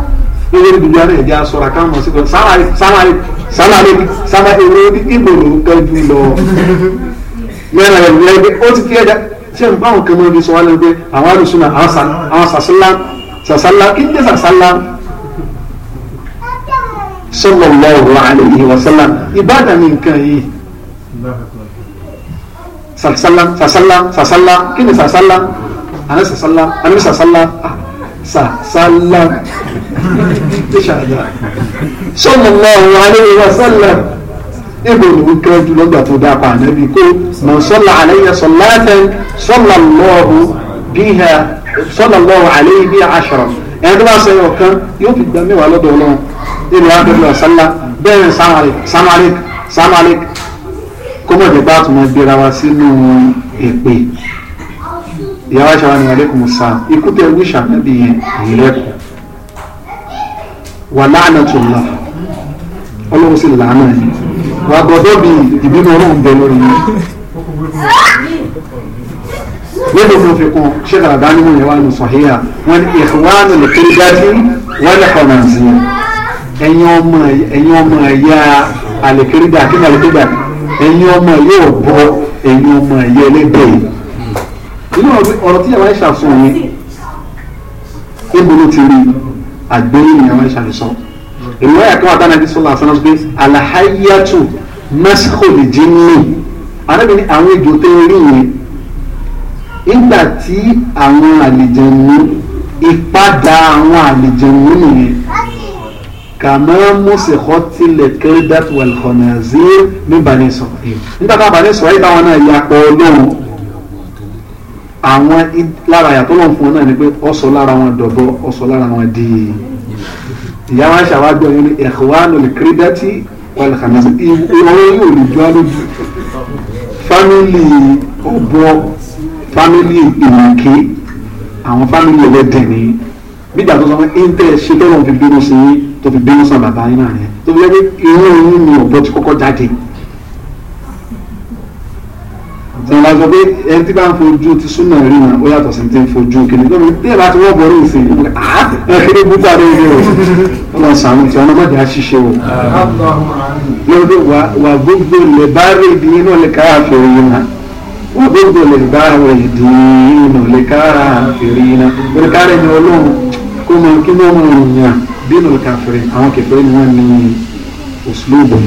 lórí ìdílé ara ẹ̀jẹ̀ asọ̀rọ̀ àkàmọ̀ sí kan sálárì sálárì sálárì sálárì èrè ìgbò ló tẹ́jú lọ. mẹ́rin ẹ̀rọ ìlú ẹgbẹ́ ó ti kí ẹja tí ẹ̀mí báwọn kan máa ń sọ wá lẹ́nu pé àwọn àdùsùn náà àwọn sàṣálá sàṣálá kí ní sàṣálá sallallahu alayhi wa sallam ibada ni nǹkan yìí sàṣálá sàṣálá sàṣálá kí ni sàṣálá àná sàṣálá àná sàṣálá sàlám sallallahu alayhi wa sallam ibo ló kẹ́ jùlọ gbà tó dáa pa ànábì kó mọ̀ sọ́là alayya sọ́látẹ́n sallallahu biha sallallahu alayhi biha ashara ẹ̀yìn tó bá sọ yọ̀ kan yóò fi gba mẹ́wàá lọ́dọ̀ ọlọ́run nínú àdúgbò ọ̀sánlá bẹ́ẹ̀ sàmàlík sàmàlík sàmàlík kó mọ̀ jẹ́ bá tún máa gbéra wa sínú èpè ìyá wa ṣàwọn ènìyàn lẹ́kùn sá ikú tẹ wí ṣàtẹ́bí yẹn èyí lẹ́kùn wà láàánà tó la ọlọ́run sì làánà yìí wà gbọ́dọ̀ bí ìbínú ọlọ́run bẹ lórí yìí lẹ́dọ̀ mo fi kún ṣé dàdá nínú yẹn wà ní sọ̀híyà wọn ni ìhùwánu lè kéré dájú wọn lè kọ̀ náà sí ẹ̀yin ọmọ ẹ̀yin ọmọ ẹ̀yà àlèkérídà kí ni àlèkérídà ẹ̀yin ọmọ yóò bọ ẹ̀yin ọmọ ẹ̀yà ẹlẹ́gbẹ̀ẹ́ nínú ọ̀rọ̀ tí yàrá ìṣàsọ yẹn ebolo ti rí àgbélé ni yàrá ìṣàsọ ìlú ẹ̀yà kan àtàwọn àti sọlá àṣà náà pé alahayatu masikoli jinni arábìn ní àwọn ejò tó ń rí yẹn nígbà tí àwọn àlìjẹ̀mú ìpadà àwọn àlìjẹ̀mú nìyẹn kàmá mùsìkọ́ tilẹ̀ kẹ́rẹ́dàtì wàlùkọ́nà zéé ní bani sọ̀rọ̀ nígbà tá a bani yìí táwọn náà yà pọ̀ lóhùn àwọn lára àyàtọ̀ lọ́n fún wọn náà ni pé ọ̀sọ̀ lára wọn dọ̀bọ̀ ọ̀sọ̀ lára wọn di ìyá wa ṣàwájú ọyún ní ẹ̀kọ́wánu kírẹ́dẹ́tì wàlùkàmẹ́sì ìwọ́n yóò lè jọ́ lójú fámìlì ọ̀bọ fámìlì ìrìnkè àwọn fámìlì ẹlẹ́dẹ̀ ni bíjà tó sọ fún ẹ ń tẹ́ ẹ ṣe tọ́lọ́ fi bínú sí yín tó fi bínú sàn bàbá yín náà yẹn tó fi yẹ pé irú ẹ̀yìn ni ọ̀bọ ti kọ́kọ́ jáde àwọn aṣọ pé ẹni tí bá ń fojú ti súnà rí wọn ó yàtọ̀ sí ti ń fojú kìnìún tó ní tẹ́lẹ̀ láti wọ́n bọ̀rọ̀ ìsìn yìí ẹ̀ẹ́dẹ́gbẹ́ búta ló ń gbé o ọlọ́run sàánú ti ọ̀nà mọ́jà ṣíṣe o. lọ́dọ̀ wà gbogbo lè bá rí ibi inú lè kára fèrè yìí na wà gbogbo lè bá rí ibi inú lè kára fèrè yìí na lè kára ẹni ọlọ́run kó mọ kí ní ọmọ ènìyàn bínú ní òṣèlú ìbò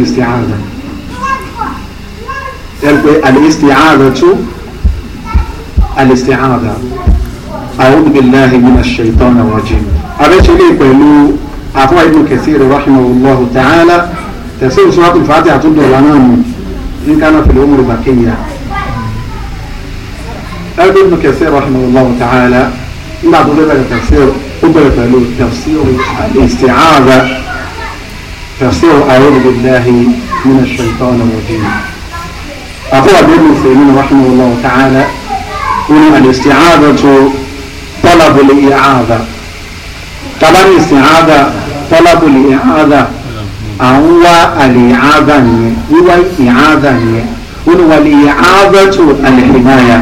yẹn. so الاستعاذة الاستعاذة أعوذ بالله من الشيطان الرجيم أبي لي pẹ̀lú àfọwọ́ ابن كثير رحمه الله تعالى تسير سورة الفاتحة تبدو الأمام إن كان في fil بقية أبي ابن كثير رحمه الله تعالى بعد ذلك تفسير قبل له تفسير الاستعاذة تفسير أعوذ بالله من الشيطان الرجيم àfọwà bẹ́ẹ̀ mi fèmí ní wàhánà ọlọ́run tààlà wọn àlè ìsìnàdà tó tọ́lábùlì ìhàdà tàbámi ìsìnàdà tọ́lábùlì ìhàdà àwọn wá àlè ìhàdà nìyẹn wíwá ìhàdà nìyẹn wọn wà lè ìhàdà tó àlè ìmáyà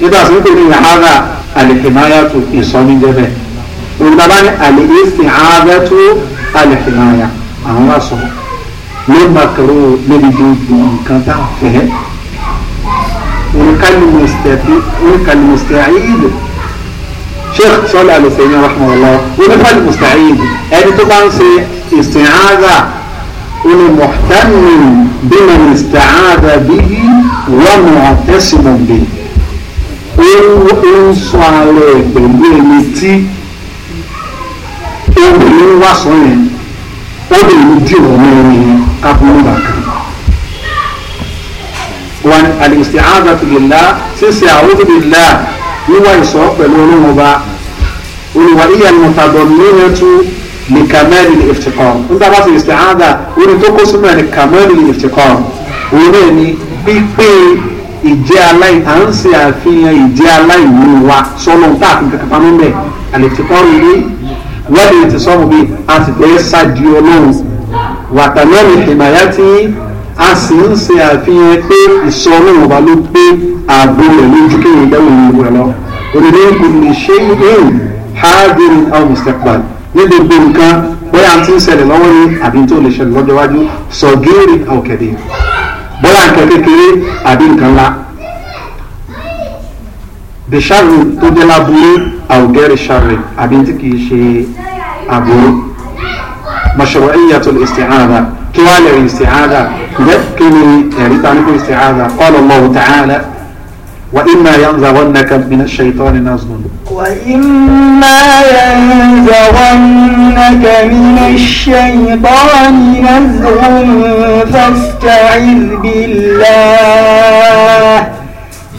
nígbà tó ń pè ní ìhàdà àlè ìmáyà tó ìsọmíjẹbẹ òun tàbámi àlè ìsìnàdà tó àlè ìmáyà àwọn wá sọ ló makaro níbi gbogbo nǹkan tá a fẹ́ oníkàlù mùsítàìdì sheikh sọlá alùsẹ̀yìn rahmanlá oníkàlù mùsítàìdì ẹni tó bá ń ṣe ìsìnàdà oní mọ̀tánì bímọ ìsìnàdà bíi wọ́n àtẹ̀sùnmọ̀ bì ó ń sọ ara ẹ̀ pẹ̀lú ẹni tí obìnrin wá sọ yẹn obìnrin dì wọ́n mẹ́rin yẹn káfíńdà kan wọn al-isti'adatu billah ṣíṣe a'udhu billah wíwá ìṣọ́ pẹ̀lú olóhùn ọba olùwà ìyá mutadammimatu li kamali al-iftiqar nígbà bá ti isti'ada orí tó kó súnmọ́ ní kamali al-iftiqar òun náà ni pípé ìjẹ́ aláì à ń ṣe àfihàn ìjẹ́ aláì ní wa sọ́nà tá a fi kankan pamọ́ mẹ́ àlè ti kọ́ rí wọ́n lè ti sọ́mu bí a sì fẹ́ wàtàlẹ́rì ìmàyà tí a sì ń ṣe àfihàn pé ìṣọ́ ọlọ́run ọba ló pé ààbò rẹ̀ lójú kéwòn dẹ́wọ̀n ní ìwé lọ òdìdí ìkùnlé ṣé ìhìn háàdìrì àwọn mustaqbal ní gbogbo nǹkan bóyá tí ń ṣẹlẹ̀ lọ́wọ́ ni àbí tó lè ṣẹlẹ̀ lọ́jọ́ iwájú sọ̀gẹ́rì àwọn bóyá nǹkan kékeré àbí nǹkan ńlá bẹ̀ṣàrù tó jẹ́ láburú àwùgẹ́rì ṣàrẹ̀ àbí tí kìí ṣe àbúrò. مشروعية الاستعاذة كيال الاستعاذة ذكني يعني تعليق الاستعاذة قال الله تعالى وإما ينزغنك من الشيطان نزغ وإما ينزغنك من الشيطان نزغ فاستعذ بالله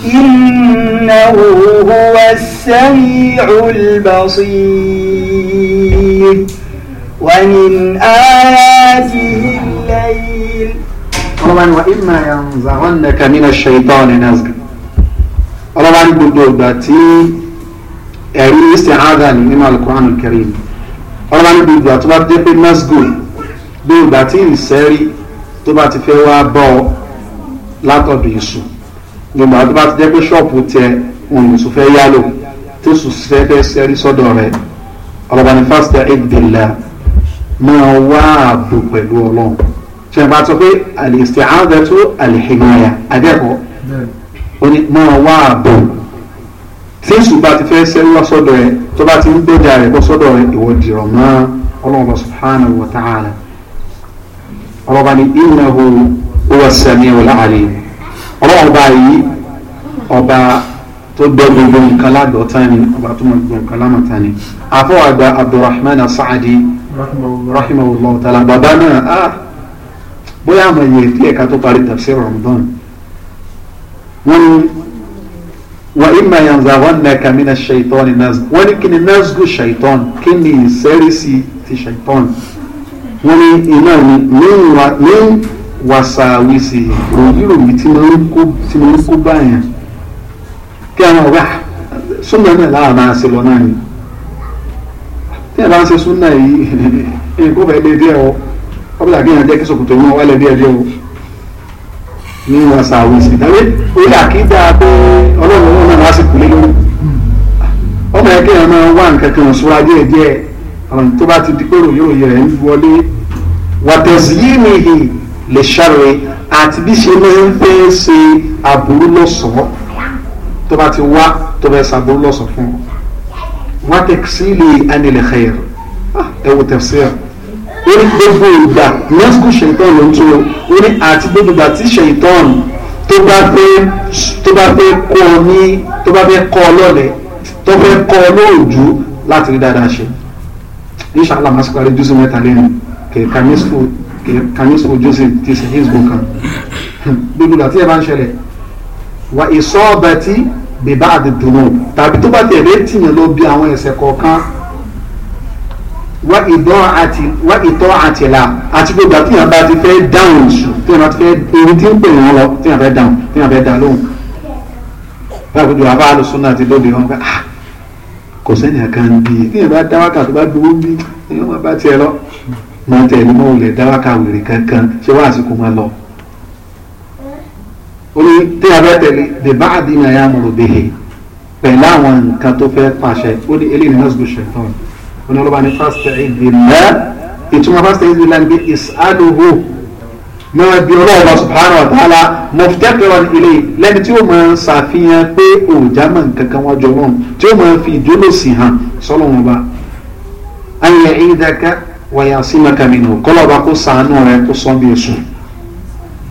إنه هو السميع البصير ومن آياته الليل طبعا وإما ينزغنك من الشيطان نزغ طبعا بدوبتي ẹ̀rí ìsìnàdà ní nínú alukóhánù kẹrin ọlọ́wà níbi ìgbà tó bá dé pé nasgul bí ìgbà tí ìsẹ́rí tó bá ti fẹ́ wá bọ́ ọ látọ̀dọ̀ èṣù gbogbo àti bá ti jẹ́ pé ṣọ́ọ̀pù tẹ òun ìṣù fẹ́ yálò tó sùn fẹ́ fẹ́ sẹ́rí sọ́dọ̀ rẹ̀ ọlọ́wà ní fásitì ẹ̀ẹ́dẹ̀lá máa wá ààbò pẹ̀lú ọlọ́run ṣe bá sọ pé al-isti'adatu al-hinaya adẹ́kọ̀ọ́ ó ní máa wá ààbò tí èṣù bá ti fẹ́ sẹ́wọ́ sọ́dọ̀ ẹ tó bá ti ń gbèjà rẹ̀ bọ́ sọ́dọ̀ ẹ ìwọ dìrọ̀ mọ́ ọlọ́run subhanahu wa ta'ala ọlọ́ba ní innahu huwa as-sami'ul ọlọ́run bá yí ọba tó gbọ́ gbogbo nǹkan ládọ̀ọ́ta ni ọba tó mọ gbogbo nǹkan lámọ̀ta ni àfọwàgbà Abdurrahman as rahimahullah ta'ala bàbá náà a ah, bóyá àmọ̀ yẹ̀ tí ẹ̀ka tó parí tafsir Ramadan wọ́n ní wa ima yanzaghannaka mina shaitani nazg wọ́n ní kí ni nazgu shaitan kí ni ìsẹ́rìsì ti shaitan wọ́n ní iná ni ní wàsàwìsì ròyìnròyìn tí mo ń kó báyà kí àwọn ọ̀gá súnmọ́ náà láwọn máa ṣe lọ náà ni ẹ bá ń ṣe súnà yìí ẹ kó fẹ́ lé díẹ̀ o ọ bílà kéèyàn jẹ́ kí sòkòtò wọn wálẹ̀ díẹ̀ díẹ̀ o ní wọn ṣàwọn èsì tàbí orí àkídá pé ọlọ́run wọn náà lásìkò lé lórí ọmọ ẹ kéèyàn máa wá nǹkan kan ṣọ́ra díẹ̀ díẹ̀ àwọn tó bá ti di pé ròyìn òye rẹ̀ ń wọlé wàtẹ̀sí yìí nìyí lè ṣàrẹ̀ àti bí ṣe máa ń fẹ́ ṣe àbúrú lọ́sọ̀ọ́ tó bá ti wá tó bá ṣàbúrú lọ́sọ̀ọ́ fún ọ wátẹ́kísílì anilẹ̀xẹ́r ah, ẹ wò tẹ̀síẹ̀ ó ní gbogbo ìgbà lásìkò ṣèyítọ́n ló ń tó ó ní àti gbogbo ìgbà tí ṣèyítọ́n tó bá fẹ́ tó bá fẹ́ kọ́ ọ ní tó bá fẹ́ kọ́ ọ tó fẹ́ kọ́ lóòjú láti rí dáadáa ṣe inṣàlá màsíkò àrẹ sí mẹ́ta lẹ́nu kẹ̀kẹ́ joseph ti ṣe hezbo kan (laughs) gbogbo ìgbà tí ẹ bá ń ṣẹlẹ̀ wà ìsọ́ọ̀bẹ tí bèbá àdìdùnú tàbí tó bá tẹ̀lé tìyàn lọ bí àwọn ẹ̀ṣẹ̀ kọ̀ọ̀kan wá ìtọ́ àtìlà àti gbogbo àtìyàn bá ti fẹ́ dáhùn ìṣù tíyàn bá ti fẹ́ ewu tí ń pè yàn lọ tíyàn fẹ́ dáhùn tíyàn fẹ́ dá lóhùn. báwo ni bàbá alùsùn àti lóde wọn bá ah, kò sẹ́ni àkàn bí i tíyàn bá dá wákàtí bá gbowó bí i ẹ̀yọ́ máa bá tiẹ̀ lọ máa tẹ̀ ní mọ́wulẹ̀ dá wákàwèrè kankan ṣé wàásù kò máa lọ orí tí a bá tẹ̀lé bèbá àdínà ya mọ̀rọ̀ bèhè pẹ̀lú àwọn nǹkan tó fẹ́ pàṣẹ ó ní eléyìí náà sùgbù ṣẹ̀tàn oní ọlọ́ba ní fásitì ìdìlẹ́ ìtumọ̀ fásitì ìdìlẹ́ ń gbé ìsàlùhù máa bí ọlọ́ọ̀bá subhanahu wa ta'ala muftaqiran ilé lẹ́ni tí ó máa ṣàfihàn pé òòjà mọ̀ nǹkan kan wájú ọlọ́run tí ó máa fi ìjólósì hàn sọ́lọ́run ọba ayé ìdáká wàyà símaka mìíràn kọ́lọ́ọ̀bá kó sàánú rẹ̀ kó sọ́ọ́ bí èso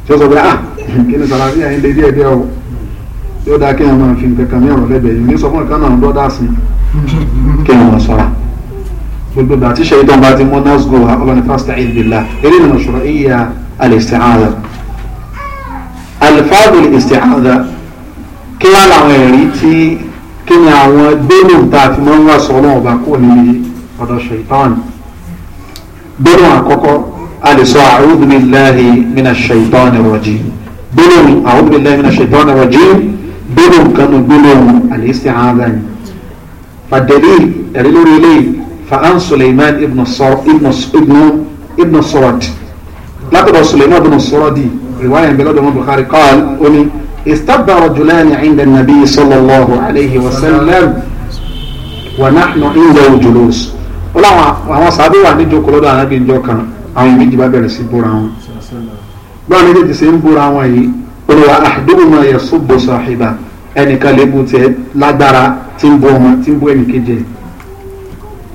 tí ó sọ pé ah kí ni sàlàfí yà ń lé díẹ̀ díẹ̀ o yóò dáa kéèyàn máa fi nǹkan kan ní ọ̀rọ̀ lẹ́bẹ̀ẹ́ yìí ní sọ fún ìkànnà bọ́dà sí kéèyàn máa sọ̀rọ̀ gbogbo ìgbà tí ṣèyí dánwà ti mú nasgo wa ọlọ́ni fasta'id billah eré ìlànà ṣòro ìyá al-isti'adha alifáàdù al-isti'adha kí wá làwọn ẹ̀rí tí kí ni àwọn gbólóhùn tá a fi máa ń wá sọ ọlọ́run ọba kúrò níbi ọ̀dọ̀ ṣèyítánì gbólóhùn àkọ́kọ́ gbólóhùn àwọn obìnrin lẹ́yìn náà ṣèjọ́ náà wọ́jú gbólóhùn kanu gbólóhùn àlèsí àádá ni. fàdélì ẹ̀rí lórí ilé fa'an suleiman ibn sọ́wọ́d látọ̀dọ̀ suleiman ibn sọ́wọ́dì riwaya ń bẹ lọ́dọ̀ wọn bukhari kọ́ọ̀l ó ní istabba rajulani inda nabi sallallahu alayhi wa sallam wa nahnu inda julus. ó láwọn àwọn sábẹ́ wà níjókòó lọ́dọ̀ ànábìnjọ kan àwọn méjì bá bẹ̀rẹ̀ sí bóra wọn báwọn méjèèjì ṣe ń búra wọn yìí olùwà àdúgbò yẹ sóbò sàhìbà ẹnìkan lè bu tiẹ̀ lágbára tí ń bú ọmọ tí ń bú ẹnìkejì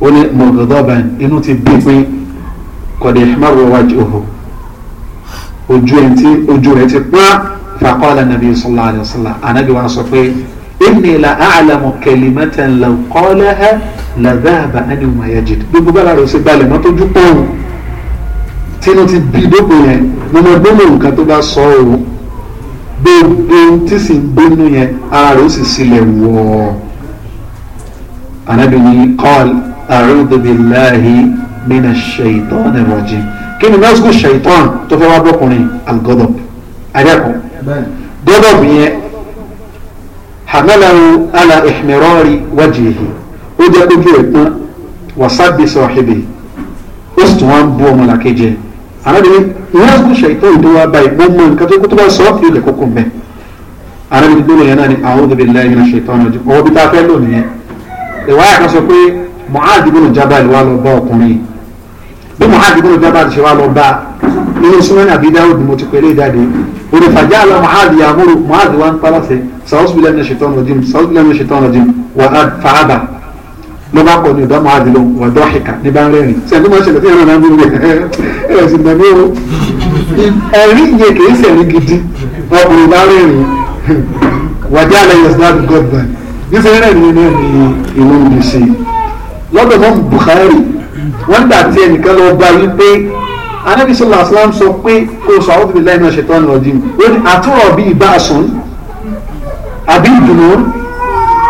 ó ní mọ̀gàdọ́bàn inú ti bí pín kọ̀dé márùwájú òhò ojú ẹ̀ ti ojú rẹ̀ ti pọ́n fàkọ́lá nàbí sọlá àdìsọlá ànábì wa sọ pé inni la a'lamu kalimatan law qalaha la dhahaba anhu ma yajid gbogbo bá a lọ balẹ̀ mọ́tò ojú pọ́n tínú ti bí dópò yẹn mo mọ gbóná nǹkan tó bá sọ o gbogbo tí sì ń gbóná yẹn ara rẹ̀ ó sì sílẹ̀ wọ̀ anabi ni qal a'udhu billahi minash shaitanir kí ni násìkò shaitan tó fẹ́ wá bọ́kùnrin algodop adẹ́kọ̀ godop yẹn hamalahu ala ihmirari wajihi ó jẹ́ ojú ẹ̀ wasabi sahibi ó sì tún wá ń bú ọmọlàkejì ẹ̀ arábìnrin ìyáàgùn ṣètò ìdíwọ́ abá ìgbó mọ nǹkan tó kó tó bá sọ ọ́ ilẹ̀ kókó mẹ́ arábìnrin gbóná yẹn náà ni a'udhu billahi minash shaitanir rajim ọwọ́ bí tá a fẹ́ lò nìyẹn ìwà àkàn sọ pé Mu'adh ibn Jabal wà lọ bá ọkùnrin bí Mu'adh ibn Jabal ṣe wà lọ bá nínú Sunan Abi Dawud mo ti pèlè jáde òde fàjà àlọ́ Mu'adh ya'muru Mu'adh wa ń paláṣẹ sàwọ́sibílẹ̀ minash shaitanir rajim sàwọ́sibílẹ̀ minash shaitanir rajim wà á fàábà ló bá kọ ní ọ̀dọ́ máa dì lóhùn wọ́n dọ́ọ̀kìkà ní bá ń rẹ́rìn ṣe tó máa ṣẹlẹ̀ sí ẹ̀rọ náà nílé (laughs) ẹ̀ sì mọ̀ ní o ẹ̀rí yẹn kì í ṣẹ̀rí gidi ọkùnrin bá rẹ́rìn wàjá alẹ́ yẹn sinadu gọ́dùbà níṣẹ́ rẹ̀ ní ní ìlú ìlú ṣe lọ́dọ̀ mọ́ Bukhari wọ́n dà tí ẹnìkan lọ bá yí pé anabi sallallahu alayhi sọ pé kó sọ àwọn obìnrin láì náà ṣètò ọ̀nà ọ̀dín ó àtúrọ̀ bíi bá àbí ìdùnnú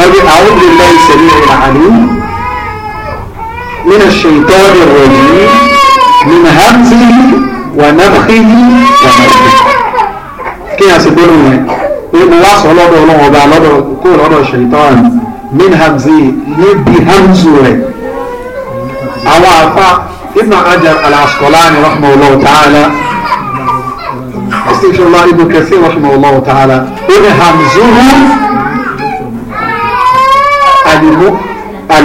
قد أعوذ بالله السميع العليم من الشيطان الرجيم من همزه ونفخه ونفخه كيف سيقولون إن الله صلى الله عليه وسلم يقول هذا الشيطان من همزه يبي همزه على عفا ابن عجر العسقلاني رحمه الله تعالى استغفر الله ابن كثير رحمه الله تعالى ابن همزه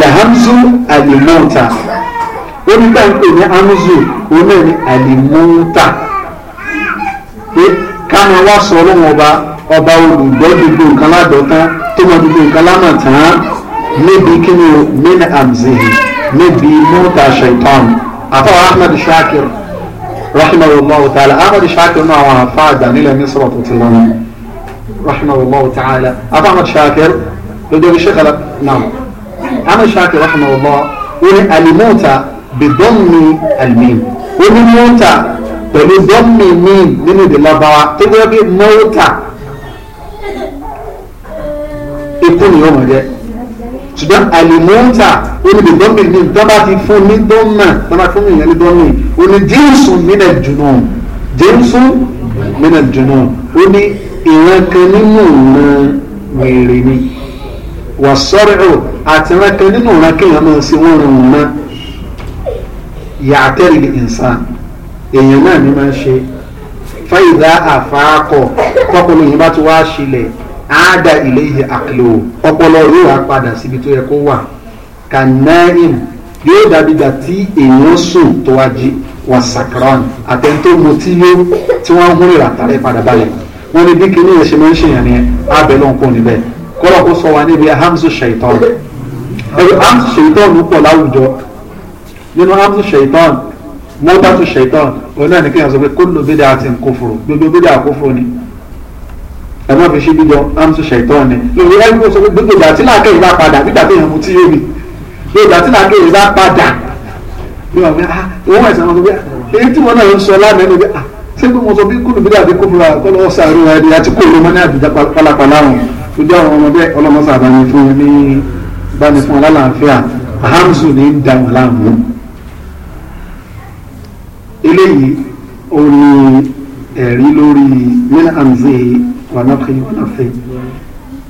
alhamzu alimota orí tá à ń pè ní hamzu òun náà ni alimota pé káwọn wá sọ ọlọ́wọ́n ọba ọba olùgbọ́ gbogbo nǹkan ládọ́tán tó mọ gbogbo nǹkan lánàá tán níbi kí ni o mina amzihi níbi mota shaitan àfọwọ́ ahmed shakir rahimahullahu ta'ala ahmed shakir náà àwọn àfa àgbà nílẹ̀ ní tó ti lọ́nà rahimahullahu ta'ala àfọwọ́ ahmed shakir lójú omi ṣe kala Ahmad Shafi rahimahullah ó ní alimọ́ta bidọ́mi alimim ó ní mọ́ta pẹ̀lú dọ́mi miin nínú ìdè lọ́bàwá tó jẹ́ bí mọ́ta ikú ni yóò mọ̀ jẹ́ ṣùgbọ́n alimọ́ta ó ní bidọ́mi miin dọ́bà ti fún ní dọ́mà dọ́bà fún ìyẹn ní dọ́mi ó ní jíǹsù nílẹ̀ jùlọ jíǹsù nílẹ̀ jùlọ ó ní ìran kan nínú ìran wèrè ni wàsọ́rọ̀ àti ránkẹ́ nínú ránkẹ́yàn máa ṣe wọ́n rọrùn náà yàtẹ́rì ìsàn èèyàn náà ní máa ń ṣe fáyidá àfáàkọ̀ tọpọlọ yìí bá ti wá ṣílẹ̀ àádá ilé ihe àkìlò ọpọlọ yóò wá padà síbi tó yẹ kó wà kanaim yóò dàbígbà tí èèyàn sùn tó wá jí wà sàkàrán àtẹ̀ntó mo tí yó tí wọ́n ń hún ìràtàrẹ́ padà balẹ̀ wọ́n ní bí kinní yẹn ṣe máa ń ṣèyàn ní abẹ́lọ́nkọ́ níbẹ̀ kọ́lọ́ sọ wa níbi ahamsu shaitan ẹ̀rọ amsi ṣèitán pọ̀ láwùjọ nínú amsi ṣèitán mọ́tàtù ṣèitán òun náà ní kéèyàn sọ pé kullu bid'atin kufru gbogbo bídà kufru ni ẹ má fi ṣe bíjọ amsi ṣèitán ni lórí ẹni tó sọ pé gbogbo ìgbà tí làákẹ́ yìí bá padà nígbà tó yẹn mu tí yóò bì gbogbo ìgbà tí làákẹ́ yìí bá padà yóò wà pé òun ẹ̀sán wọn sọ pé ah, èyí tí wọn náà ń sọ lánàá ẹni pé ah, ṣé pé mo sọ bí kullu bídà bí kufru àkọlọ́wọ́ ah, sàárò ẹni àti kó ló mọ́ ní àbíjà pálapàla ọ̀hún tó jẹ́ àwọn ọmọdé ọlọ́mọsàbàmì fún mi ní bá ní fún alálàáfíà hamzu ní ń da wọn láàmú eléyìí ó ní ẹ̀rí lórí min hamzi wànàfẹ́ wànàfẹ́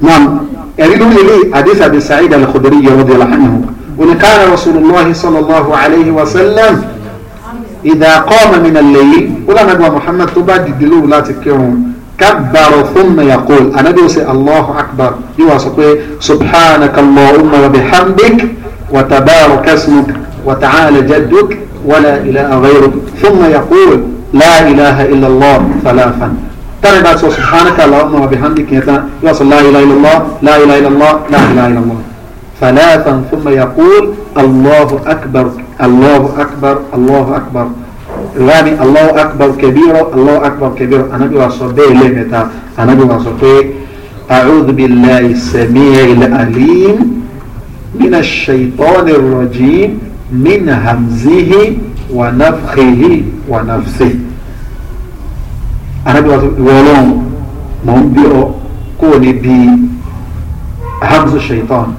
naam ẹ̀rí lórí eléyìí hadith Abi Sa'id al-Khudri radiyallahu anhu oníkàrà rasulillah sallallahu alayhi wa sallam idha qama min al-layl ó lànà gba Muhammad tó bá dìde lóru láti كبر ثم يقول أنا دوسي الله أكبر يواسطي إيه؟ سبحانك اللهم وبحمدك وتبارك اسمك وتعالى جدك ولا إله غيرك ثم يقول لا إله إلا الله ثلاثا ترى بعد سبحانك اللهم وبحمدك يوصل لا إله إلا الله لا إله إلا الله لا إله إلا الله ثلاثا ثم يقول الله أكبر الله أكبر الله أكبر láàrin Allahu akbar kabira Allahu akbar kabira anabi wa sọ bẹ́ẹ̀ lẹ́ẹ̀mẹ́ta anabi wa sọ pé a'udhu billahi sami'il alim minash shaytanir rajim min hamzihi wa nafthihi wa nafthihi anabi wa sọ wọlọ́n mọ̀ ń bí ọ kó o ní bí hamzu shaitan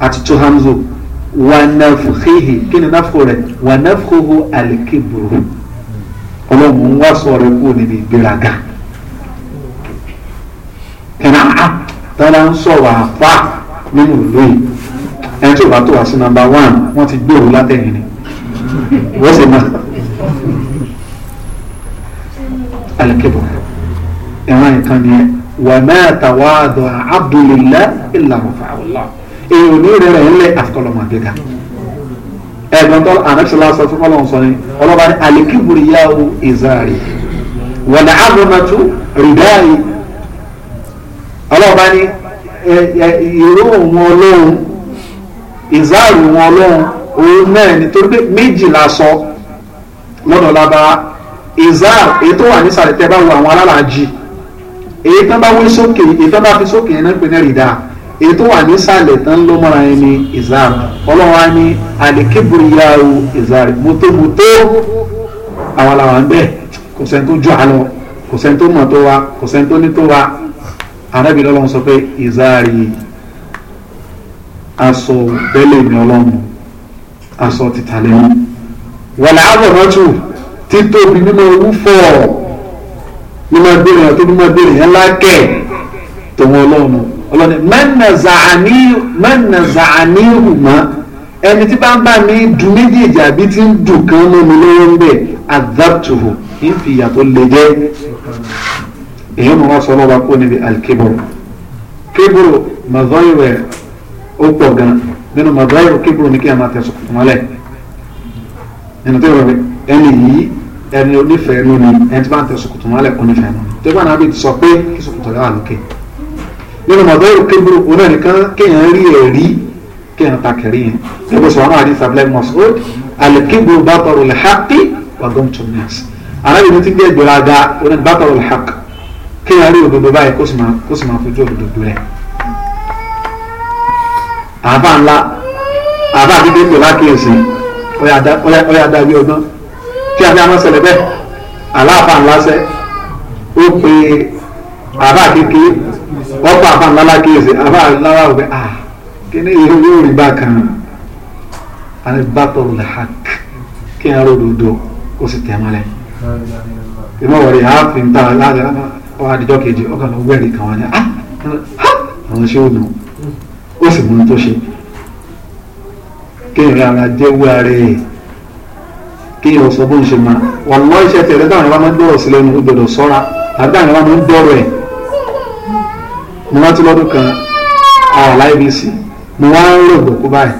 àti tó hamzu wanafuhihi kí ni náfò rẹ wanafuhu alikiburu ọlọ́run ń wá sọ̀rọ̀ kú níbi ìgbéraga kìnnà á tọ́lá ń sọ̀rọ̀ àfà nínú ìlú yìí ẹni tí ò bá tó wá sí nọ́mbà wán wọ́n ti gbé òun látẹ̀yìn ni wọ́n sì máa alikiburu ẹ̀rọ nǹkan ni ẹ̀ ìlànà fàáwùlà èèyàn ò ní rẹ̀ rẹ̀ ńlẹ̀ àfikọ́lọ́mọ àgbéga ẹ̀gbọ́n tó ànábìsọ̀lá sọ fún ọlọ́run sọ ni ọlọ́ba ní alikiburi yahoo izari wọ̀dà àbọ̀mọ̀tò rìdáì ọlọ́ba ní ìró òun ọlọ́run ìzáàrù òun ọlọ́run òun náà nítorí pé méjìlá sọ lọ́dọ̀ lába ìzáàrù èyí tó wà nísàlẹ̀ tẹ́ bá àwọn alálàájì èyí tán bá wé sókè èyí tán bá fi sókè yẹn náà pè ní rìdáì èyí tó wà ní sàlẹ̀ tán ló mọ́ra ẹni ìzar ọlọ́run á ní àdìkébùrìyàwó ìzar mọ́tòmọ́tò àwọn làwọn ń bẹ̀ kò sẹ́ni tó jọ àlọ́ kò sẹ́ni tó mọ̀ tó wa kò sẹ́ni tó ní tó wa arábì lọ́lọ́run sọ pé ìzárì aṣọ bẹ́lẹ̀ mi ọlọ́run aṣọ títà lẹ́nu wàlẹ̀ àbọ̀mọ́tò títóbi nínú ewu fọ̀ nínú ẹgbẹ́ rẹ̀ nínú ẹgbẹ́ rẹ̀ yẹn lákẹ́ tòun ọlọ́run ọlọ́ni mẹ́nà zàáníhù mọ́ ẹni tí bá ń bá mi dùn méjèèjì àbí tí ń dùn kan mọ́ mi lọ́wọ́ ń bẹ̀ adaptuhu ń fi ìyàtọ̀ lè jẹ́ èyí mọ̀ wá sọ lọ́wọ́ kó níbi alkeboro keboro mazọ́yìwẹ̀ ó pọ̀ gan nínú mazọ́yìwẹ̀ keboro ní kí a máa tẹ̀sọ̀ mọ́lẹ̀ nínú tó yọ̀ ẹni yìí ẹni onífẹ̀ẹ́ nínú ẹni tí bá ń tẹ̀sọ̀ kùtùmọ́lẹ̀ onífẹ̀ẹ́ nínú tó yẹ kó àná bí sọ pé kí sọ̀kùtọ̀ yà wà lókè nínú mọ̀dọ́rù kébùrù òun náà nìkan kéèyàn rí ẹ̀rí kéèyàn takẹ̀rí yẹn níbo sọ̀rọ̀ náà àdìsá black mosque alikébùrù bàtọ̀rù lẹ́hàkì wàgọ́m tùmíàs alábi ní ti gbé ìgbéraga òun bàtọ̀rù lẹ́hàkì kéèyàn rí òdodo báyìí kó sì máa fojú òdodo rẹ̀ àbá ńlá àbá àdídé ń bò lákèésí ọyà dàbí ọgbọ́n kí abẹ́ àmọ́ ṣẹlẹ̀ bẹ́ẹ̀ àláàfà wọ́n pa àfa ńlá kéèsì àfa ńlá wà ah kíní yìí yóò rí bákan àti bàtọ̀ làák kí n rò dodo kó sì tẹ̀ mọ́lẹ̀ ìmọ̀ wọ̀rẹ̀ yà á fi ń ta láti ọ̀ àdìjọ́ kejì ọkàn ló wẹ̀rì kan wọn ni ah àwọn ṣé ó ó sì mú tó ṣe ara sọ bó ń ṣe máa wà lọ́ọ́ iṣẹ́ tẹ̀lé ìwà máa ń dọ̀rọ̀ sílẹ̀ gbọdọ̀ sọ́ra ìwà máa ń dọ̀rọ̀ ẹ̀ mo rántí lọ́dún kan àwà láìpẹ́ sí mo wá ń rògbò kó báyìí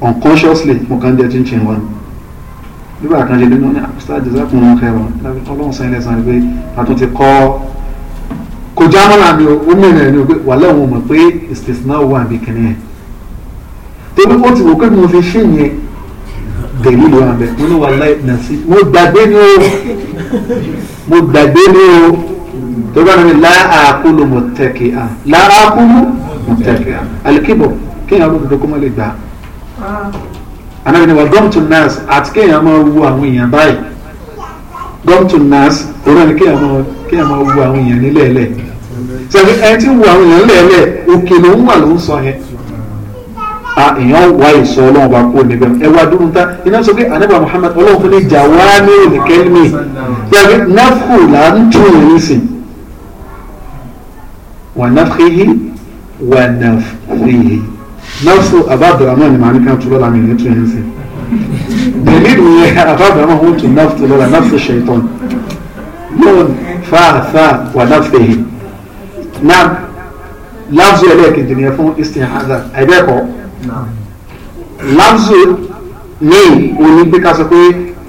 unconsciously mo kàn jẹ chinchin wọn nígbà kan ṣe dé ah, mo ní àpòsílẹ̀ jẹ́sàkùn wọn kẹrọ ọlọ́run sẹ́yìn lẹ́sàn-án pé a tún ti kọ́ kò já mọ́ làmì ó mẹ́rin ẹ̀ ní o pé wà lẹ́wọ̀n mọ̀ pé ìsìtìsínà wà bí kìnìún yẹn tóbi ó ti wò pé mo fi ṣe yẹn tèmi ló wà bẹ́ẹ̀ mo ní wà láì nà sí mo gbàgbé ni o mo gbàgbé ni o tó bá nàbí láàkúlù mọ̀tẹ́kì à láàkúlù mọ̀tẹ́kì à alikibọ̀ kéèyàn ló dodo kó má lè gbà á. anabi ni wa gọ́mtù nurse àti kéèyàn máa wu àwọn èèyàn báyìí gọ́mtù nurse òun náà ni kéèyàn máa wu àwọn èèyàn ní lẹ́ẹ̀lẹ́ sẹ́ni ẹni tí ń wu àwọn èèyàn lẹ́ẹ̀lẹ́ òkè ló ń wà ló ń sọ yẹn. a èèyàn wá ìsọ ọlọ́run bá kó níbẹ̀ ẹ wá dúró ta iná sọ pé anabi muhammad ọlọ́run fún mi jà wá ní òdìkẹ́lmi sẹ́ni náfù là ń tún ìrìn sìn ونفخه ونفثه نفس أبا عبد الرحمن معنى كان طلال عمين يتو ينسي دليل أبا عبد الرحمن هو النفس طلال نفس الشيطان نون فا فا ونفثه نعم لفظ إليك الدنيا فون استحاذة أبيكو نعم لفظ ní òní pé ká sọ pé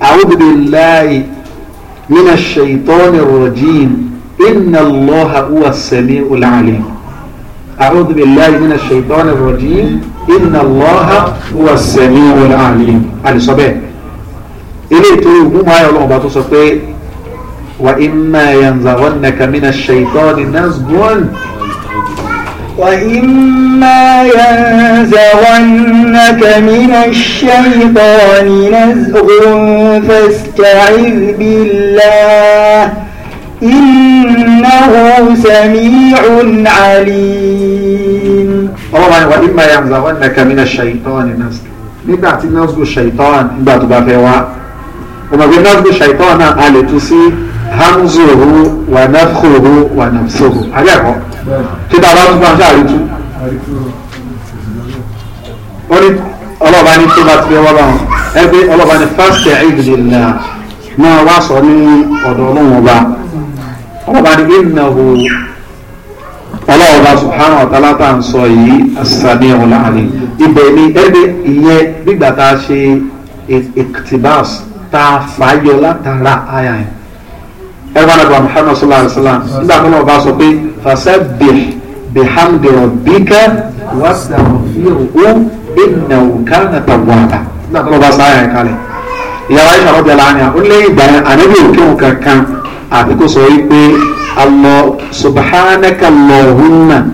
a'udhu billahi إن الله هو السميع العليم أعوذ بالله من الشيطان الرجيم إن الله هو السميع العليم على صباح إلي تقول ما يا الله بعضو سطي وإما ينزغنك من الشيطان نزغ وإما ينزغنك من الشيطان نزغ فاستعذ بالله إنه سميع عليم الله وإما ينزغنك من الشيطان نزغ nígbà tí nọ́ọ̀sù ṣèitán nígbà tó bá fẹ́ wá ọmọ ìgbé nọ́ọ̀sù ṣèitán náà a lè tún sí hamzuhu wà nafkhuhu wà nafsuhu alẹ́kọ̀ọ́ tí bàbá tún bá ń sáré tú. ó ní ọlọ́ọ̀bá ní tó bá ti fẹ́ wá bá wọn ẹgbẹ́ ọlọ́ọ̀bá ní fásitì ẹ̀ẹ́dìdì náà máa wá sọ ní ọ̀dọ̀ ọlọ́wọ́n ọba ọba ní ìnáwó ọlọ́ọ̀bá subhanahu wa ta'ala tá à ń sọ yìí as-sami'ul 'alim ibẹ̀ ni ẹ̀dẹ̀ ìyẹn nígbà tá a ṣe iktibas tá a fàáyọ látara àyà yẹn ẹ̀rọ anábọ̀ muhammad sallallahu alayhi wa sallam nígbà tó náà bá sọ pé fasabbih bihamdi rabbika wastaghfirhu innahu kana tawwaba nígbà tó náà bá sọ àyà yẹn kalẹ̀ ìyàwó ayé sàrọ̀ ó lé ìgbà yẹn àná òkè òkè kan àbí kò sọ wípé Allah subhanaka Allahumma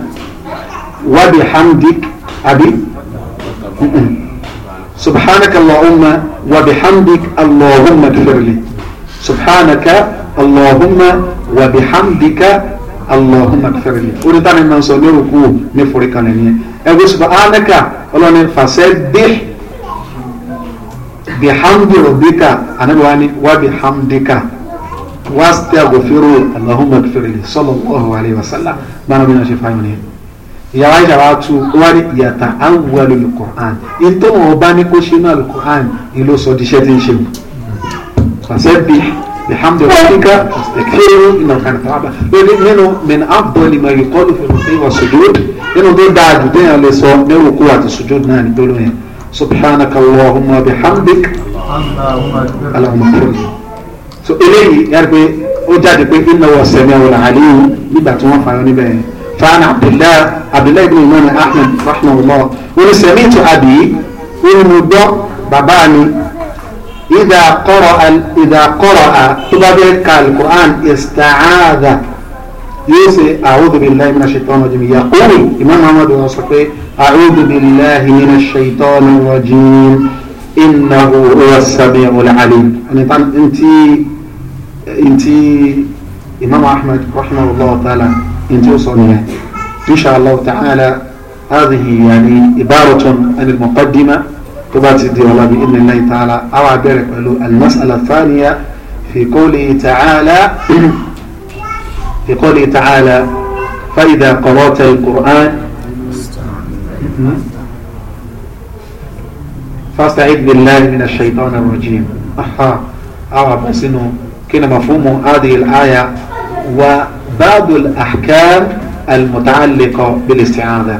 wa bihamdik àbí subhanaka Allahumma wa bihamdik Allahumma ghfirli subhanaka Allahumma wa bihamdika Allahumma ghfirli orí táwọn ẹni máa ń sọ ní òkú ní foríkan nìyẹn ẹgbẹ́ subhanaka ọlọ́ni fasabbih bihamdi rabbika ànábìwá ni wa bihamdika. واستغفرون اللهم اغفر لي صلى الله عليه وسلم ما نبينا شفاعوني ìyá wa ìyàwó tu wárí ìyàtà àwọn olùkọ́án ìtọ́nà ọba ní kó ṣe náà olùkọ́án ìlú sọ díṣẹ́ tí ń ṣe بحمد ربك واستغفره انه كان توابا لان nínú من افضل ما يقال في الركوع والسجود nínú tó dáa jù déyàn lè sọ ní rúkú àti sujud náà ní gbólóyìn subhanaka allahumma bihamdik allahumma akbar so eléyìí yàrá pé ó jáde pé iná wọ sẹmi àwọn àlẹyìn nígbà tí wọn fààyàn níbẹ̀ yẹn fààyàn abdullahi abdullahi ibn imam ahmed rahmanullah wọn sẹmi tó àbí wọn mú gbọ́ bàbá mi ìdá kọrọ ìdá kọrọ à tó bá bẹ ka alukur'an ìsítàcáàdà yóò ṣe a'udhu billahi minash shaitani rajim yaqulu imam ahmed wọn sọ pé a'udhu billahi minash shaitani rajim innahu huwa as-sami'ul alim ẹni tí. امام احمد رحمه الله تعالى إنتي وصلنا ان شاء الله تعالى هذه يعني عبارة عن المقدمة تبات الله بإذن الله تعالى أو عبارة المسألة الثانية في قوله تعالى في قوله تعالى فإذا قرأت القرآن فاستعذ بالله من الشيطان الرجيم أحا أو عبسنه كنا مفهوم هذه الآية وبعض الأحكام المتعلقة بالاستعاذة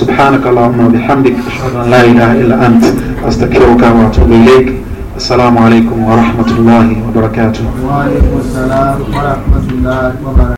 سبحانك اللهم وبحمدك أشهد أن لا إله إلا أنت أستغفرك وأتوب إليك السلام عليكم ورحمة الله وبركاته وعليكم السلام ورحمة الله وبركاته